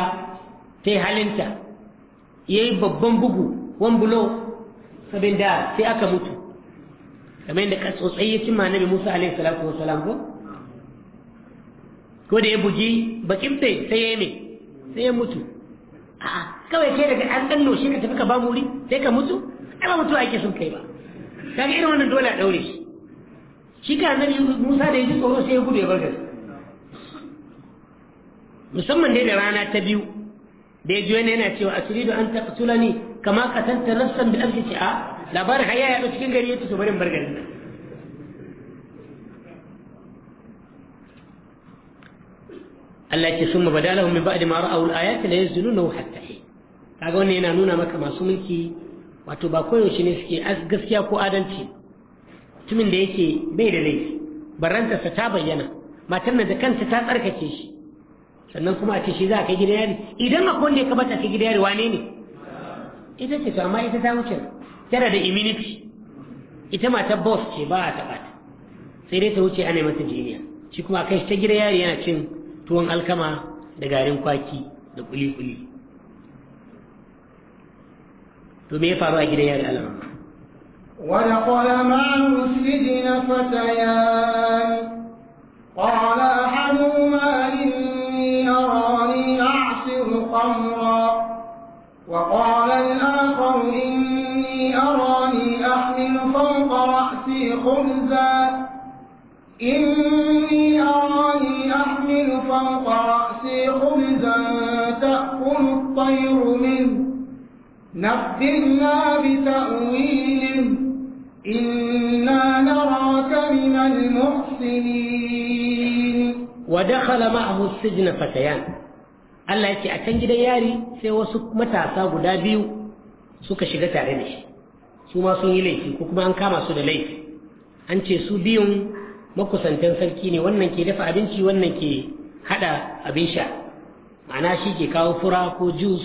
ta yi halinta ya yi babban bugu wan bulo sabin da sai aka mutu kamar yadda tsotsai ya cimma nabi musa alaihi salatu wasu ko ko da ya bugi bakin sai ya yi mai sai ya mutu a'a kawai kai daga an dan noshe ka tafi ka ba muri sai ka mutu ai ba mutuwa ake son kai ba kaga irin wannan dole a daure shi shi ka annabi Musa da yaji tsoro sai ya gudu ya bar gari musamman dai da rana ta biyu da ya ji wani yana cewa asiridu an taqtulani kama qatanta nafsan bil nafsi a labarin hayya ya cikin gari ya tuso barin bar nan Allah ya ce mabada badalahum min ba'di ma ra'aw al-ayati la yazununa hatta hi kaga wannan yana nuna maka masu mulki wato ba koyaushe ne suke gaskiya ko adalci mutumin da yake bai da laifi sa ta bayyana matar da kanta ta tsarkake shi sannan kuma a ce shi za a kai gida yari idan akwai wanda ya kamata kai gida yari wane ne ita ce to amma ita ta wuce tana da immunity ita matar boss ce ba a taɓa ta sai dai ta wuce ana mata jiniya shi kuma kai shi ta gida yari yana cin tuwon alkama da garin kwaki da kuli-kuli to ya faru a gidan yari alama wadda kwada ma'amu siji na fata ya yi kwada hannu ma'ayin na rani na asirin kwamura wa kwada al'akwamin أراني أحمل فوق رأسي خبزا إني أراني أحمل فوق رأسي خبزا تأكل الطير منه نبئنا بتأويل إنا نراك من المحسنين ودخل معه السجن فتيان الله يكي أتنجي دياري can سكمة أصاب دابيو suka shiga tare da shi su ma sun yi laifi ko kuma an kama su da laifi an ce su biyun makusantan sarki ne wannan ke dafa abinci wannan ke hada abin sha ma'ana shi ke kawo fura ko jus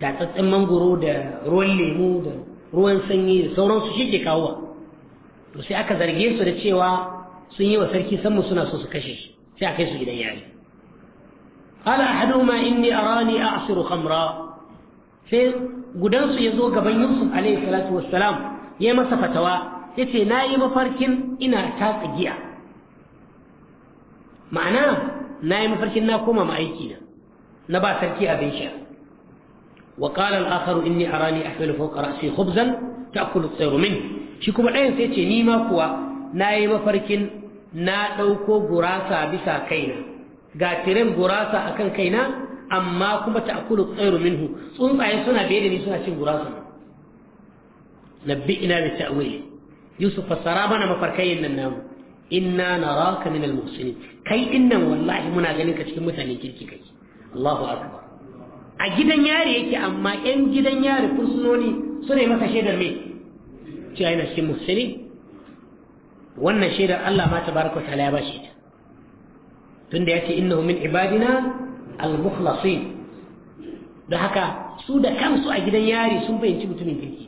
tatsatsen mangoro da ruwan lemu da ruwan sanyi da sauransu shi ke kawo to sai aka zarge su da cewa sun yi wa sarki sanmu suna so su kashe shi sai a kai su gidan yari قال ma إني a asiru khamra sai gudansu ya zo gaban yusuf alaihi salatu wassalam ya masa fatawa ya ce na yi mafarkin ina tatsa giya ma'ana na yi mafarkin na koma ma'aiki na na ba sarki abin sha wa qala inni arani a fawqa ra'si sai hubzan ta tayru tsarumin shi kuma ɗayan sai ce ni ma kuwa na yi mafarkin na ɗauko gurasa bisa kaina ga tiren gurasa akan kaina amma kuma ta at tsarumin hu tsuntsaye suna biye da ni suna cin gurasa na bi ina da ta'awili yusuf fassara mana mafarkayin nan namu inna naraka min almuhsinin kai innan wallahi muna ganin ka cikin mutanen kirki kai Allahu akbar a gidan yari yake amma yan gidan yari fursunoni suna yi masa shaidar me cewa yana cikin muhsinin wannan shaidar Allah ma tabaraka ta'ala ya bashi ta tunda yace innahu min ibadina al don haka su da kansu a gidan yari sun fahimci mutumin kirki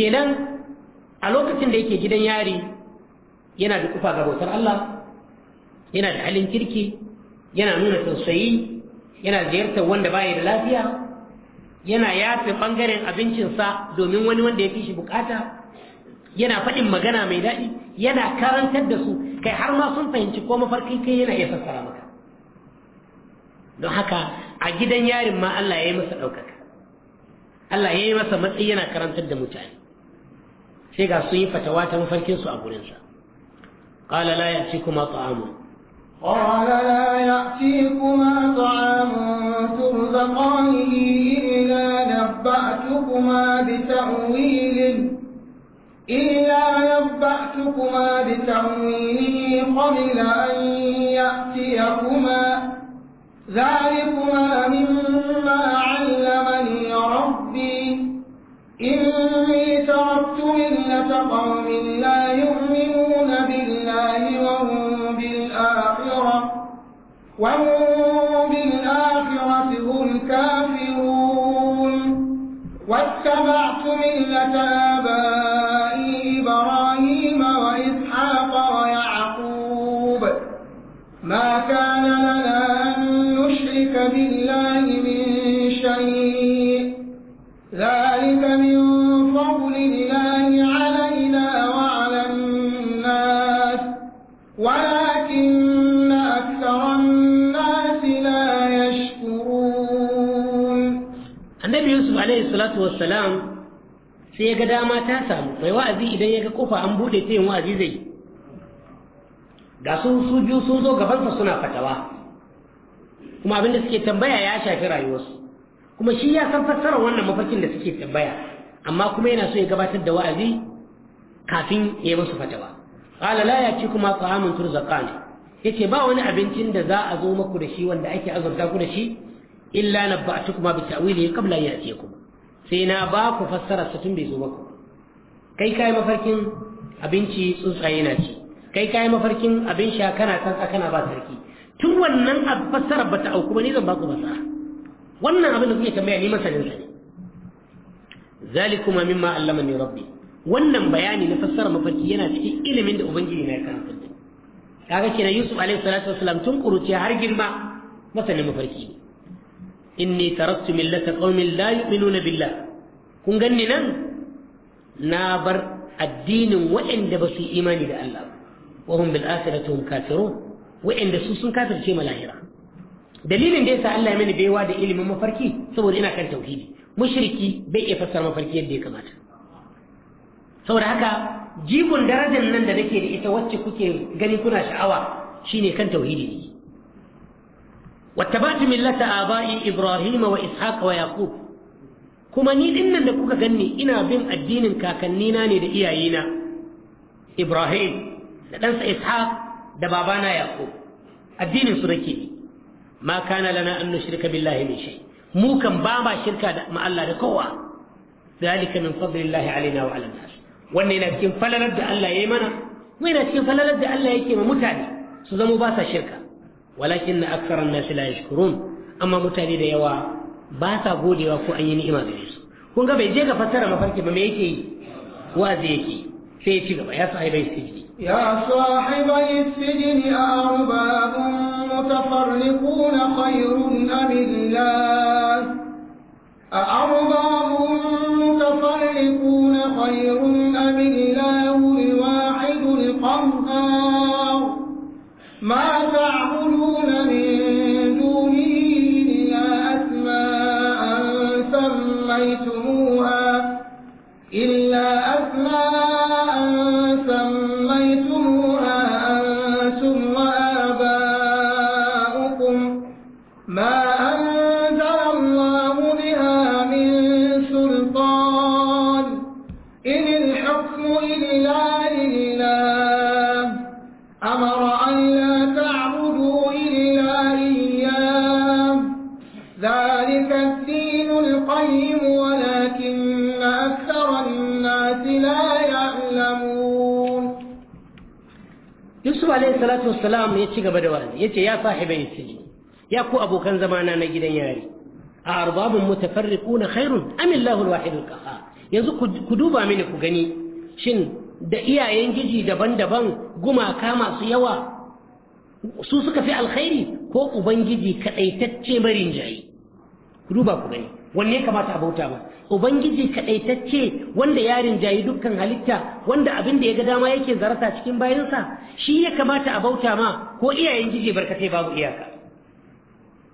kenan a lokacin da yake gidan yari yana da kufa ga bautar Allah yana da halin kirki yana nuna tausayi yana ziyartar wanda baya da lafiya yana yafe bangaren abincinsa domin wani wanda ya fi shi bukata yana faɗin magana mai daɗi yana karantar da su kai har ma sun fahimci ko mafarkai kai yana iya fassara maka don haka a gidan yarin ma Allah ya yi masa ɗaukaka Allah ya yi masa matsayi yana karantar da mutane sai ga sun yi fatawa ta mafarkin su a gurinsa qala la ya'tikuma ta'amun qala la ya'tikuma ta'amun turzaqanihi illa nabba'tukuma bi ta'wilin إلا نبأتكما بتأويله قبل أن يأتيكما ذلكما مما علمني إني تركت ملة قوم لا يؤمنون بالله وهم بالآخرة, وهم بالآخرة هم كافرون واتبعت ملة آبائي إبراهيم وإسحاق ويعقوب ما كان لنا أن نشرك بالله من شيء ذلك wassalam sai ya ga dama ta samu mai wa'azi idan ya ga kofa an bude ta yin wa'azi zai ga su su biyu sun zo gabansa suna fatawa kuma abin da suke tambaya ya shafi rayuwarsu kuma shi ya san fassarar wannan mafarkin da suke tambaya amma kuma yana so ya gabatar da wa'azi kafin ya yi musu fatawa qala la kuma ta'amun turzaqan yace ba wani abincin da za a zo muku da shi wanda ake azurta ku da shi illa nabba'tukum bi ta'wili qabla ya'tikum sai na ba ku fassara sa tun bai zo ba kai kai mafarkin abinci tsuntsaye na ci kai kai mafarkin abin sha kana tsantsa kana ba sarki tun wannan fassara bata auku ba ne zan ba ku fassara wannan abin da kuke tambaya ni masanin sa ne zalikuma mimma allamani rabbi wannan bayani na fassara mafarki yana cikin ilimin da ubangiji na ya karanta kaga kenan yusuf alaihi salatu wasalam tun kuruciya har girma masanin mafarki ne inni taraktu millata qaumin la yu'minuna billah kun ganni nan na bar addinin waɗanda ba su yi imani da Allah wa hum bil akhirati hum kafirun su sun kafirce ma lahira dalilin da yasa Allah ya mani baiwa da ilimin mafarki saboda ina kan tauhidi mushriki bai iya fassara mafarki yadda ya kamata saboda haka jigon darajar nan da nake da ita wacce kuke gani kuna sha'awa shine kan tauhidi ne واتبعت ملة آبائي إبراهيم وإسحاق ويعقوب kuma ni dinnan da kuka ganni ina bin addinin kakannina ne da iyayena Ibrahim da ɗansa Ishaq da babana Yaqub addinin su nake ma kana lana an nushrika billahi min shay ba ma shirka da ma Allah da kowa zalika min fadlillahi alaina wa ala nas wannan yana cikin falalar da Allah yayi mana mu yana cikin falalar da Allah ke ma mutane su zama ba sa shirka ولكن أكثر الناس لا يشكرون أما متعدد يوا باتا قولي وكو أي نئمة بيس كونغا بيجيغا فترة ما فرق بميكي وازيكي في تجربة يا صاحب السجن يا صاحب السجن أرباب متفرقون خير أم الله أرباب متفرقون خير أم الله الواحد القهار ما تعبد salatu wassalam ya ci gaba da wa'azi yace ya sahibai sijin ya ku abokan zamana na gidan yari a arbabun mutafarriquna khairun am Allahu al-wahid yanzu ku duba mini ku gani shin da iyayen giji daban-daban gumaka masu yawa su suka fi alkhairi ko ubangiji kadaitacce marin jayi ku duba ku gani wanne kamata a bauta ba ubangiji ce wanda yarin jayi dukkan halitta wanda abin da ya ga dama yake zarata cikin bayansa shi ya kamata a bauta ma ko iyayen gije barkatai babu iyaka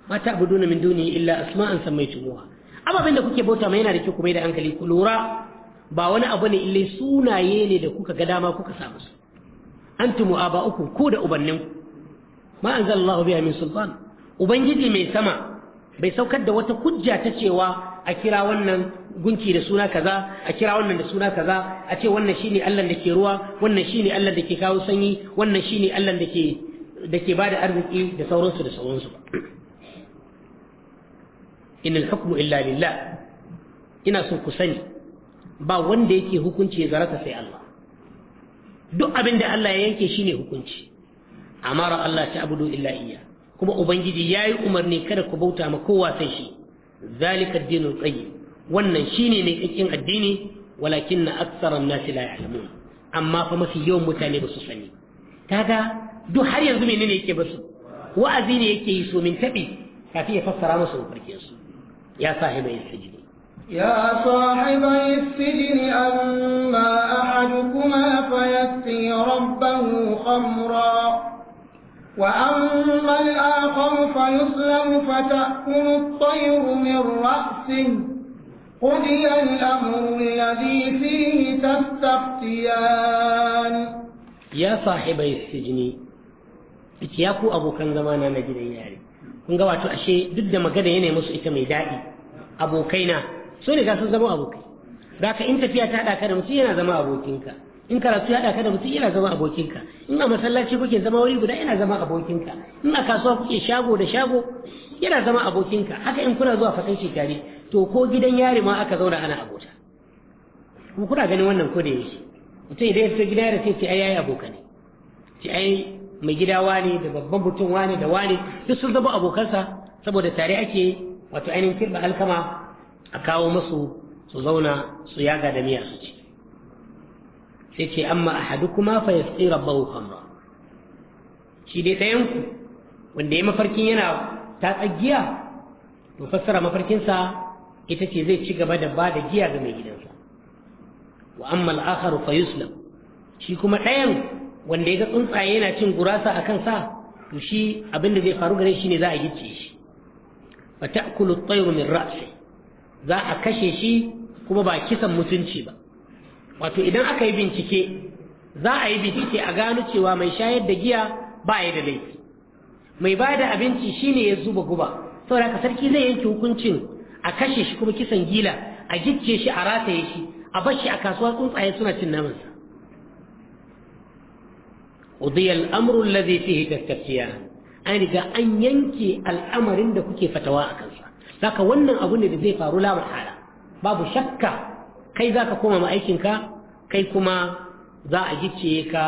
mata abu duna min duni illa asma mai sammaytumuha ababen da kuke bauta ma yana da kyau kuma da hankali ku lura ba wani abu ne illai sunaye ne da kuka ga dama kuka samu su Aba uku, ko da ubanninku ma anzalallahu biya min sultan ubangiji mai sama bai saukar da wata hujja ta cewa a kira wannan gunki da suna kaza a kira wannan da suna kaza a ce wannan shine Allah da ke ruwa wannan shine Allah da ke kawo sanyi wannan shine Allah da ke da ke bada arziki da sauransu da sauransu in al-hukmu illa lillah ina so ku sani ba wanda yake hukunci ya zarata sai Allah duk abin da Allah ya yanke shine hukunci amara Allah ta abudu illa iyyah kuma ubangiji yayi umarni kada ku bauta ma kowa sai shi zalika ad-dinu qayyim wannan shine ne cikin addini walakin aktsara an-nas la ya'lamun amma fa mafi yawan mutane ba su sani kaga duk har yanzu menene yake ba su wa'azi ne yake yi so min tabi kafi ya fassara musu farkin su ya sahibai sujudi يا صاحبي السجن أما أحدكما فيسقي rabbahu khamra وأما الآخر فيصلب فتأكل الطير من رأسه قضي الأمر الذي فيه تستفتيان يا صاحبي السجن ku أبو كان زمانا نجد إياري kun ga wato ashe duk da magana yana musu ita mai daɗi abokaina so ne ga sun zama abokai da ka in tafiya ta haɗa ka da mutum yana zama abokinka in karatu ya ɗaka da mutum yana zama abokinka in a masallaci kuke zama wuri guda yana zama abokinka in a kasuwa kuke shago da shago yana zama abokinka haka in kuna zuwa fatanci tare to ko gidan yari ma aka zauna ana abota kuma kuna ganin wannan ko da yake mutum idan ya fita gidan yari sai ce ai yayi aboka ne ce ai mai gida wani da babban mutum wani da wani duk sun zama abokansa saboda tare ake wato ainihin kirɓa alkama a kawo masu su zauna su yaga da miya su ci sai ce amma kuma fa yasqi rabbahu khamra shi dai ɗayan yanku wanda ya mafarkin yana ta tsagiya? to fassara mafarkinsa ita ce zai ci gaba da ba da giya ga mai gidansa wa amma al fa yuslam shi kuma ɗayan wanda ya ga tsuntsaye yana cin gurasa a kansa to shi abin zai faru gare shi ne za a gicce shi fa ta'kulu at-tayru min ra'si za a kashe shi kuma ba kisan mutunci ba wato idan aka yi bincike za a yi bincike a gano cewa mai shayar da giya ba ya da laifi mai ba da abinci shine ya zuba guba saboda ka sarki zai yanke hukuncin a kashe shi kuma kisan gila a gicce shi a rataye shi a bar shi a kasuwa tsuntsaye suna cin namansa udiya amru alladhi fihi tastafiyan an riga an yanke al'amarin da kuke fatawa a kansa zaka wannan abu ne da zai faru la mahala babu shakka kai zaka koma ma aikinka kai kuma za a gicciye ka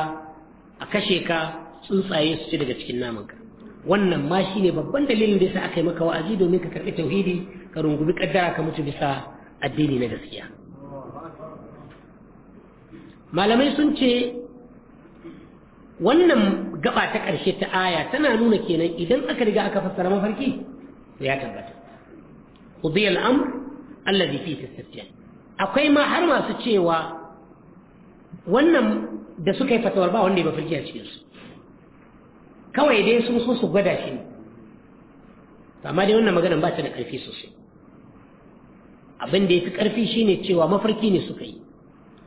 a kashe ka tsuntsaye su ci daga cikin namanka wannan ma shi ne babban dalilin da ya sa aka yi maka wa'azi domin ka karɓi tauhidi ka rungumi kaddara ka mutu bisa addini na gaskiya malamai sun ce wannan gaba ta ƙarshe ta aya tana nuna kenan idan aka riga aka fassara mafarki to ya tabbata qudiyal amr alladhi fihi akwai ma har masu cewa wannan da suka yi fatawar ba wanda ya mafarki a cikinsu kawai dai sun so su gwada shi amma dai wannan maganan ba ta da ƙarfi sosai abin da ya fi ƙarfi ne cewa mafarki ne suka yi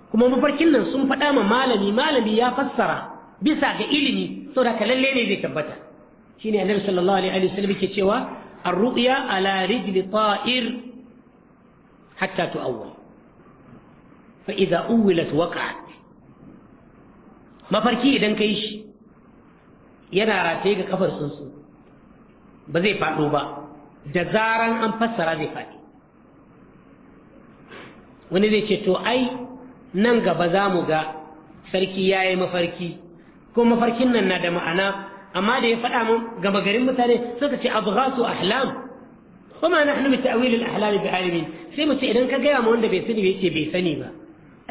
kuma mafarkin nan sun faɗa ma malami malami ya fassara bisa ga ilimi sau da kalalle ne zai tabbata Shi ne annabi sallallahu alaihi wa sallam ke cewa ar ala rijli ta'ir hatta tu'awwal fa idza uwilat waqa'at mafarki idan ka yi shi yana rataye ga kafar sunsu ba zai faɗo ba da zaran an fassara zai faɗi wani zai ce to ai nan gaba za mu ga sarki ya yi mafarki ko mafarkin nan na da ma'ana amma da ya faɗa mu gama garin mutane suka ce abghasu ahlam kuma na hannu ta'wil al-ahlam bi alimin sai mu ce idan ka gaya ma wanda bai sani bai ce bai sani ba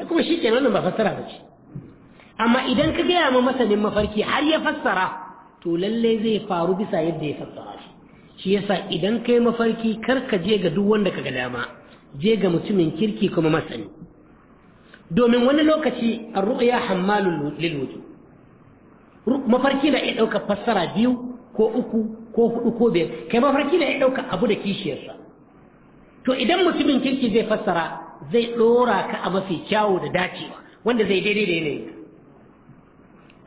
kuma shi kenan wannan ba fassara ba ce amma idan ka gaya ma masanin mafarki har ya fassara to lalle zai faru bisa yadda ya fassara shi shi yasa idan kai mafarki kar ka je ga duk wanda ka ga dama je ga mutumin kirki kuma masani domin wani lokaci ar-ru'ya hammalun lil mafarki na iya ɗaukar fassara biyu ko uku ko hudu ko biyar kai mafarki na iya ɗaukar abu da kishiyarsa to idan mutumin kirki zai fassara zai ɗora ka a mafi kyawu da dacewa wanda zai daidai da yanayin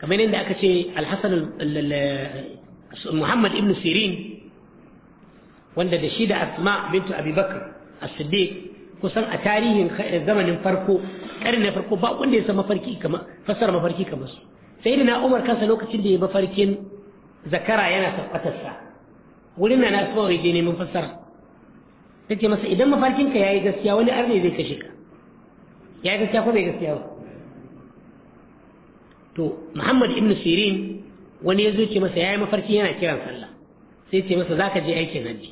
kamar yadda aka ce alhassan muhammad ibn sirin wanda da shi da asma bintu abubakar as-siddiq kusan a tarihin zamanin farko ƙarin na farko ba wanda ya san mafarki kama fassara mafarki kamar su sai da na umar kansa lokacin da ya mafarkin zakara yana tabbatarsa wurin na na asma wai je neman fassara ta ce masa idan mafarkinka ya yi gaskiya wani arne zai kashe ka ya yi gaskiya ko bai gaskiya ba to muhammad ibn sirin wani ya zo ce masa yayi mafarki yana kiran sallah sai ce masa zaka je aikin hajji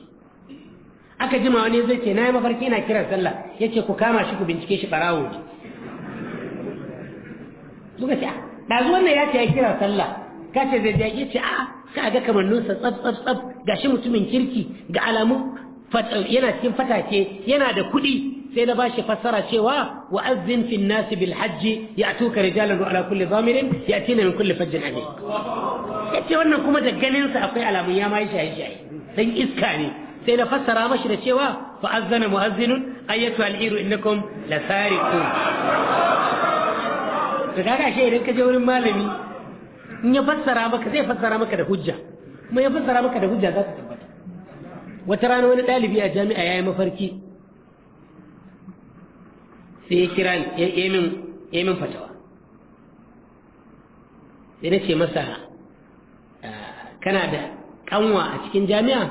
aka jima wani zai ce nayi mafarki yana kiran sallah yace ku kama shi ku bincike shi barawo ne muka ce dazu ah, wannan ya ce ya kira sallah ka ce zai je yace a ka ga kamanninsa tsab tsab tsab gashi mutumin kirki ga alamu yana cikin fatake yana da kuɗi سي دباشي فسر شيوا وأذن في الناس بالحج يأتوك رجالا وعلى كل ضامر يأتينا من كل فج عميق يأتي وانا كما تقنن سأقي على مياما يشاهي شاهي لن إسكاني سي دفسر أمشي شيوا فأذن مؤذن أيتها العير إنكم لسارقون فتاك عشي إنك جور مالمي إن يفسر أمك سي فسر أمك ده حجة ما يفسر أمك ده حجة ذات وترانا وانا تالي في أجامي أيام فركي sai ya kira ni ya min fatawa sai na ce masa ah, kana da kanwa a cikin jami'a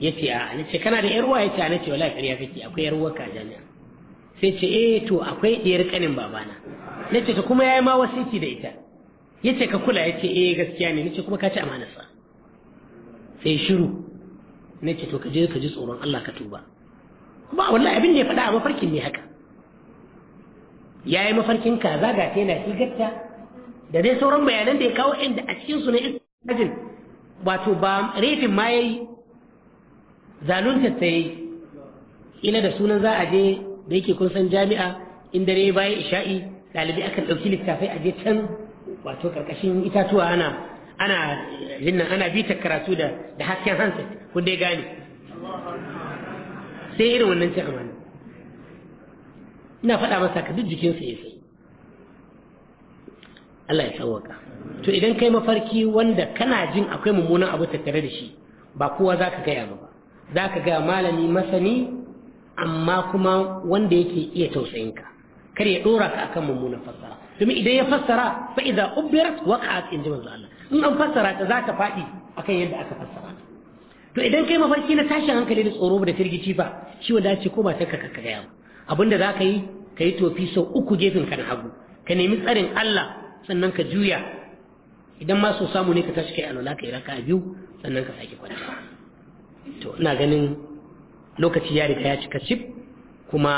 ya ce ah, a ce kana da yarwa ya ce a ah, na ce wala kariya fiki akwai yarwarka a jami'a sai ce eh to akwai ɗiyar kanin babana na ce ta kuma ya yi ma wasiki da ita ya ce ka kula ya ce eh gaskiya ne na ce kuma ka ci amanarsa sai shiru na ce to ka je ka ji tsoron Allah ka tuba ba wallahi abin da ya faɗa a mafarkin ne haka ya yi mafarkin kaza ga ta yana shigarta da dai sauran bayanan da ya kawo inda a cikin su ne ajin wato ba refin ma yayi zalun ta yi Ina da sunan za a je da yake kun san jami'a in dare bayan isha'i ɗalibai akan ɗauki littafai a je can wato karkashin itatuwa ana ana jinnan ana ta karatu da da hasken hansa kun dai gane sai irin wannan cin amana ina faɗa masa ka duk jikinsa ya sai Allah ya sauwaka to idan kai mafarki wanda kana jin akwai mummunan abu tattare da shi ba kowa za ka gaya ba za ka gaya malami masani amma kuma wanda yake iya tausayinka kar ya dora ka akan mummunan fassara domin idan ya fassara fa idza ubirat waqa'at in ji manzo Allah in an fassara ta za ta fadi akan yadda aka fassara to idan kai mafarki na tashin hankali da tsoro da firgici ba shi wanda ce ko ba ta ka gaya ba abinda za ka yi ka yi tofi sau uku gefen ka na hagu ka nemi tsarin Allah sannan ka juya idan ma so samu ne ka tashi kai alwala ka yi raka biyu sannan ka sake kwanta to ina ganin lokaci ya riga ya cika cif kuma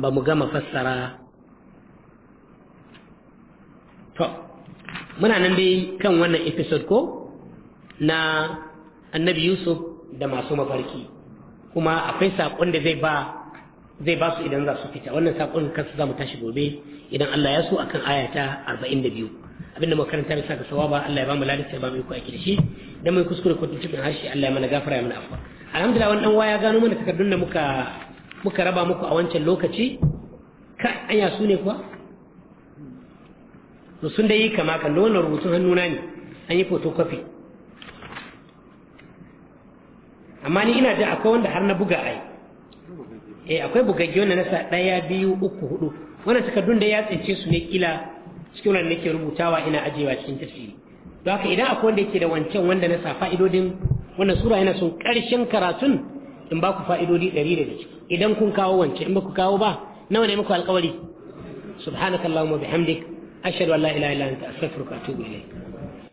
ba mu gama fassara to muna nan dai kan wannan episode ko na annabi yusuf da masu mafarki kuma akwai saƙon da zai ba zai ba su idan za su fita wannan sakon kansu za mu tashi gobe idan Allah ya so akan aya ta 42 abinda muka karanta bisa ga sawaba Allah ya ba mu ladan ba mu ku aiki da shi dan mai kuskure ko tuntuɓin harshe Allah ya mana gafara ya mana afwa alhamdulillah wannan waya gano mana takardun da muka muka raba muku a wancan lokaci ka anya su ne kuwa to sun dai yi kama kan wannan rubutun hannuna ne an yi photocopy amma ni ina da akwai wanda har na buga ai eh akwai bugagge wanda nasa ɗaya biyu uku hudu wanda takardun da ya tsince su ne kila cikin wannan nake rubutawa ina ajewa cikin tafsiri don haka idan akwai wanda yake da wancan wanda nasa fa'idodin wannan sura yana son ƙarshen karatun in ba ku fa'idodi ɗari da ciki idan kun kawo wancan in ba ku kawo ba nawa ne muku alƙawari subhanakallahumma bihamdik ashhadu an la ilaha illa anta astaghfiruka wa atubu ilayk